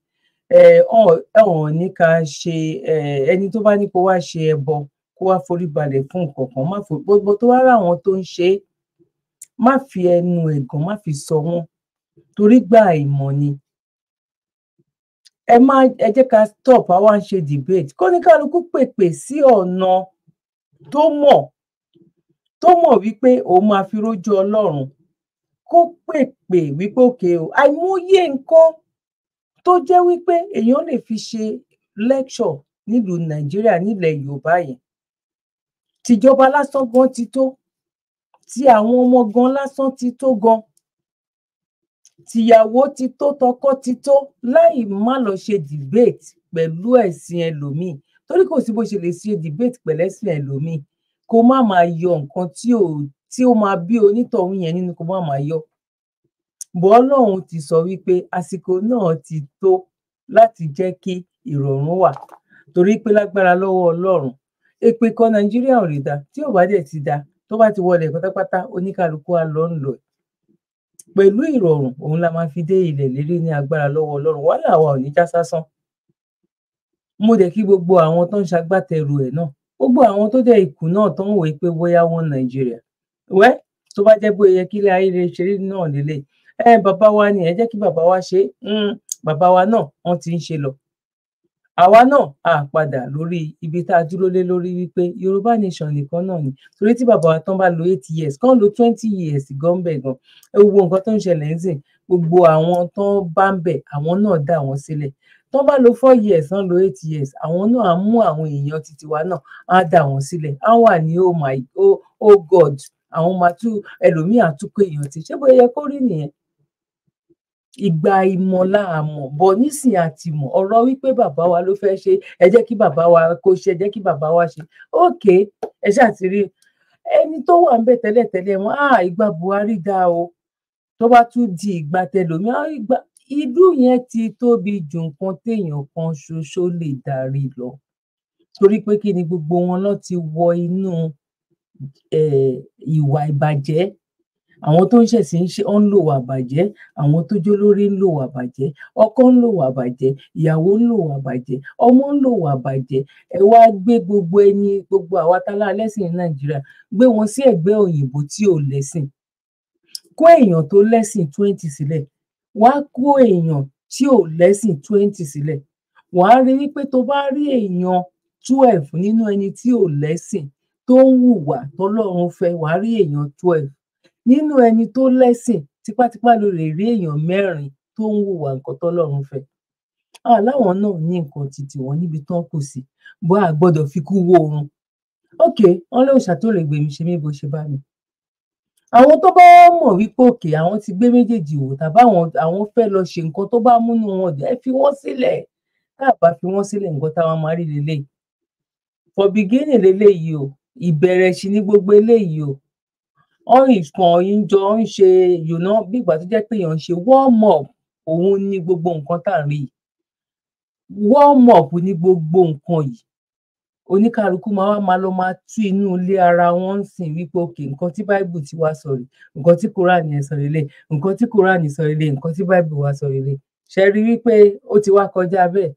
ọ̀hún ní ká ṣe ẹni tó bá ní kó wá ṣe ẹbọ kó wá forí balẹ̀ fún nǹkan kan má fò gbogbo tó wá ráwọn tó ń ṣe é má fi ẹnu ẹ̀gàn má fi sọ wọ́n torí gbà ìmọ̀ ni ẹ má ẹ jẹ́ ká stop àwa ń ṣe debate kó ní kálukú pèpè sí ọ̀nà tó mọ̀ tó mọ̀ wípé òun máa fi rójú ọlọ́run kó pèpè wípé òkè o àìmọye nǹkan tó jẹ́ wípé èèyàn lè fi ṣe lecture nílùú nàìjíríà nílẹ̀ yorùbá yẹn tìjọba lásán gan ti tó ti àwọn ọmọ gan lásán ti tó gan tìyàwó ti tó tọkọ ti tó láì má lọ ṣe debate pẹ̀lú ẹ̀sìn ẹlòmíì torí kò sí bó ṣe lè ṣe debate pẹ̀lẹ́sìn ẹlòmíì kó má máa yọ nǹkan tí ò tí ó máa bí onítọ̀hún yẹn nínú kó má máa yọ bọ́ ọlọ́run ti sọ wípé àsìkò náà ti tó láti jẹ́ kí ìrọ̀rùn wà torí pé lágbára lọ́wọ́ ọlọ́run èpè kan nàìjíríà ò lè dá tí ò bá dẹ̀ ti dá tó bá ti wọlé pátápátá oníkálukú á lọ ń lọ pẹ̀lú ìrọ̀rùn òun la máa fi dé ilẹ̀ lérí ní agbára lọ́wọ́ Ọlọ́run wàhálà wa ò ní já sásán mo dẹ̀ kí gbogbo àwọn tó ń ṣagbátẹrù ẹ̀ náà gbogbo àwọn tó dẹ̀ ikú náà tó ń wòye pé bóyá wọn Nàìjíríà wẹ́ tó bá jẹ́ bóyá yẹ kí ilé ayé lè ṣeré náà lélẹ̀ ẹ bàbá wa ni ẹ jẹ́ kí bàbá wa ṣe hmm, bàbá wa náà wọ́n ti ń ṣe lọ àwa náà á padà lórí ibi tá a dúró lé lórí wípé yorùbá nation nìkan náà ni torí tí bàbá wa tán bá lo eight years kán lo twenty years gan bẹ̀ gan ẹ wo nǹkan tó ń ṣẹlẹ̀ ń sìn gbogbo àwọn tán bá ń bẹ̀ àwọn náà dá wọn sílẹ̀ tán bá lo four years tán lo eight years àwọn náà á mú àwọn èèyàn títí wa náà á dá wọn sílẹ̀ á wà ní oh my oh, oh god àwọn máa tú ẹlòmíà tún pé èèyàn ti ṣé bó yẹ kó rí nìyẹn ìgbà ìmọ̀ la mọ̀ bọ̀ nísìnyí àti mọ̀ ọ̀rọ̀ wípé bàbá wa ló fẹ́ ṣe ẹ jẹ́ kí bàbá wa kó ṣe ẹ jẹ́ kí bàbá wa ṣe ókè ẹ ṣáà ti rí ẹni tó wà ń bẹ tẹ́lẹ̀tẹ́lẹ̀ wọn à ah, ìgbà Buhari ga o tó bá tún di ìgbà tẹlòmí ah, ìgbà ìlú yẹn ti tóbi ju nǹkan téèyàn kan ṣoṣo lè darí lọ torí pé kí ni gbogbo wọn lọ ti wọ inú eh, ìwà ìbàjẹ́ àwọn tó ń ṣẹ̀sìn ń ṣe ọ́ ń lò wà bàjẹ́ àwọn tó jó lórí ń lò wà bàjẹ́ ọkọ ń lò wà bàjẹ́ ìyàwó ń lò wà bàjẹ́ ọmọ ń lò wà bàjẹ́ ẹ wá gbé gbogbo ẹni gbogbo àwa tálá lẹ́sìn nàìjíríà gbé wọn sí ẹ̀gbẹ́ òyìnbó tí ò lẹ́sìn kó èèyàn tó lẹ́sìn twenty sílẹ̀ wá kó èèyàn tí ò lẹ́sìn twenty sílẹ̀ wàá rí wípé tó bá rí èèyàn twelve nínú ẹni tí ò lẹ́sìn tó ń hùwà tọ́lọ́run fẹ́ wàá rí èèyàn twelve nínú ẹni tó lẹ́sìn tipátipá ló lè rí èèyàn mẹ́rin tó ń hùwà nǹkan tọ́lọ́run fẹ́ aláwọn náà ní nǹkan títí wọn níbi tán kù sí bó a gbọ́dọ̀ fi kú wo oorun ok wọn lóun ṣàtòlè gbèmí ṣe mí bó ṣe bá mi àwọn tó bá mọ̀ wípé òkè àwọn ti gbé méjèèjì wò tàbí àwọn àwọn fẹ́ lọ ṣe nǹkan tó bá múnú wọn dẹ fi wọ́n sílẹ̀ tá a bá fi wọ́n sílẹ̀ nǹkan táwọn máa rí lélẹ̀ for beginning lélẹ̀ yìí o ìbẹ̀rẹ̀ sí ní gbogbo eléyìí o orange kan jọ ń ṣe yòóná bí ìgbà tó jẹ́ pé èèyàn ń ṣe warm up òun ni gbogbo nǹkan tá à ń rí yìí warm up ni gbogbo nǹkan yìí oníkàlùkù máa wá máa lọ máa tú inú ilé ara wọn sìn wípé òkè nǹkan tí báìbù ti wá sọ rèé nǹkan tí kúránì ẹ sọ rèé nǹkan tí kúránì sọ rèé nǹkan tí báìbù wá sọ rèé ṣe rí wípé ó ti wá kọjá bẹ́ẹ̀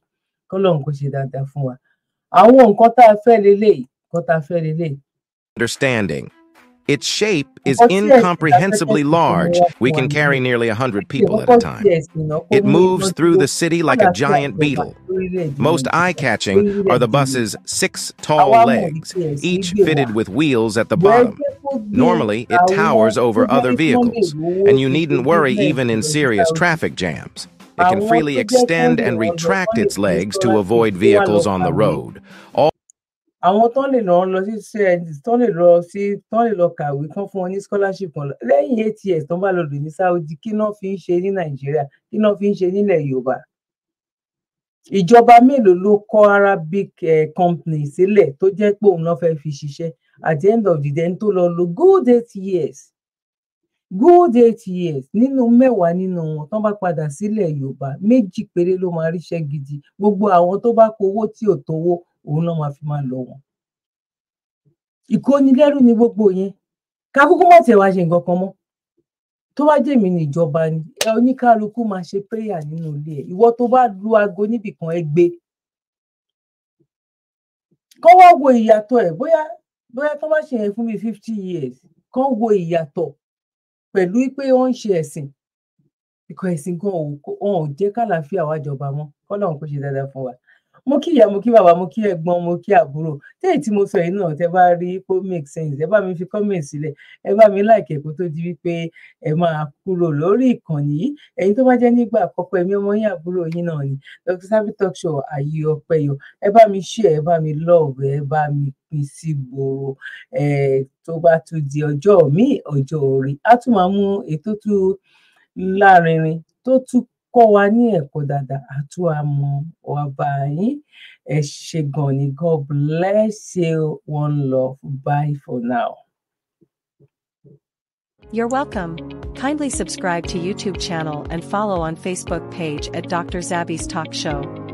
kọ́lọ́run kò ṣe dáadáa fún wa àwọn nǹkan tá a fẹ́ lélẹ̀ nǹkan tá a fẹ́ lélẹ̀. understanding. Its shape is incomprehensibly large. We can carry nearly 100 people at a time. It moves through the city like a giant beetle. Most eye-catching are the bus's six tall legs, each fitted with wheels at the bottom. Normally, it towers over other vehicles, and you needn't worry even in serious traffic jams. It can freely extend and retract its legs to avoid vehicles on the road. All àwọn tán lè lọ lọ sí cndis tán lè lọ sí tán lè lọ kàwé kán fún wọn ní scholarship kan lẹ́yìn ats tán bá lọ lò ní saudi kí náà fi ń ṣe ní nàìjíríà kí náà fi ń ṣe nílẹ̀ yorùbá ìjọba mélòó ló kọ arabic eh, company sílẹ̀ tó jẹ́ pé òun náà fẹ́ẹ́ fi ṣiṣẹ́ at the end of the day tó lọ lo good eight years good eight years nínú mẹ́wàá nínú wọn tán bá padà sílẹ̀ yorùbá méjì péré ló máa ríṣẹ́ gidi gbogbo àwọn tó bá kówó tí ò tówó òun náà máa fi máa lọ wọn. ìkónilẹ́rù ni gbogbo yẹn ká kúkú mọ̀ tẹ̀ wá ṣe nǹkan kan mọ́ tó bá jẹ́ ní ìjọba ni ẹ oníkálukú máa ṣe prayer nínú ilé ẹ ìwọ tó bá lu aago níbìkan ẹ gbé kán wá wo ìyàtọ̀ ẹ̀ bóyá bóyá kán bá ṣe yẹn fún mi fifty years kán wo ìyàtọ̀ pẹ̀lú pé wọ́n ń ṣe ẹ̀sìn ìkọ̀ ẹ̀sìn gan ò jẹ́ kálàáfíà wájọba mọ́ kọ́lọ́run kó ṣe dáadáa fún wa mo kí ìyá mo kí bàbá mo kí ẹ̀gbọ́n mo kí àbúrò téè tí mo sọ yìí náà tẹ bá rí kó make sense ẹ bá mi fi comment sílẹ̀ ẹ bá mi like ẹ kó tó di wípé ẹ máa kúrò lórí ìkànnì yìí ẹ̀yin tó bá jẹ́ nígbà àkọ́kọ́ ẹ̀mí ọmọ yín àbúrò yín náà ni Dr. Zabby Talk Show ààyè ọpẹ́ yọ ẹ bá mi share ẹ bá mi love ẹ bá mi pín sí gbòòrò ẹ tó bá tún di ọjọ́ míì ọjọ́ orí á tún máa mú ètò tún lárinrin tó tún kọ́ wa ní ẹ̀kọ́ àti àmọ́ ẹ ṣe gan ni God bless you one love bye for now. You're welcome. Kindly subscribe to YouTube channel and follow on Facebook page at Dr. Zabby's Talk Show.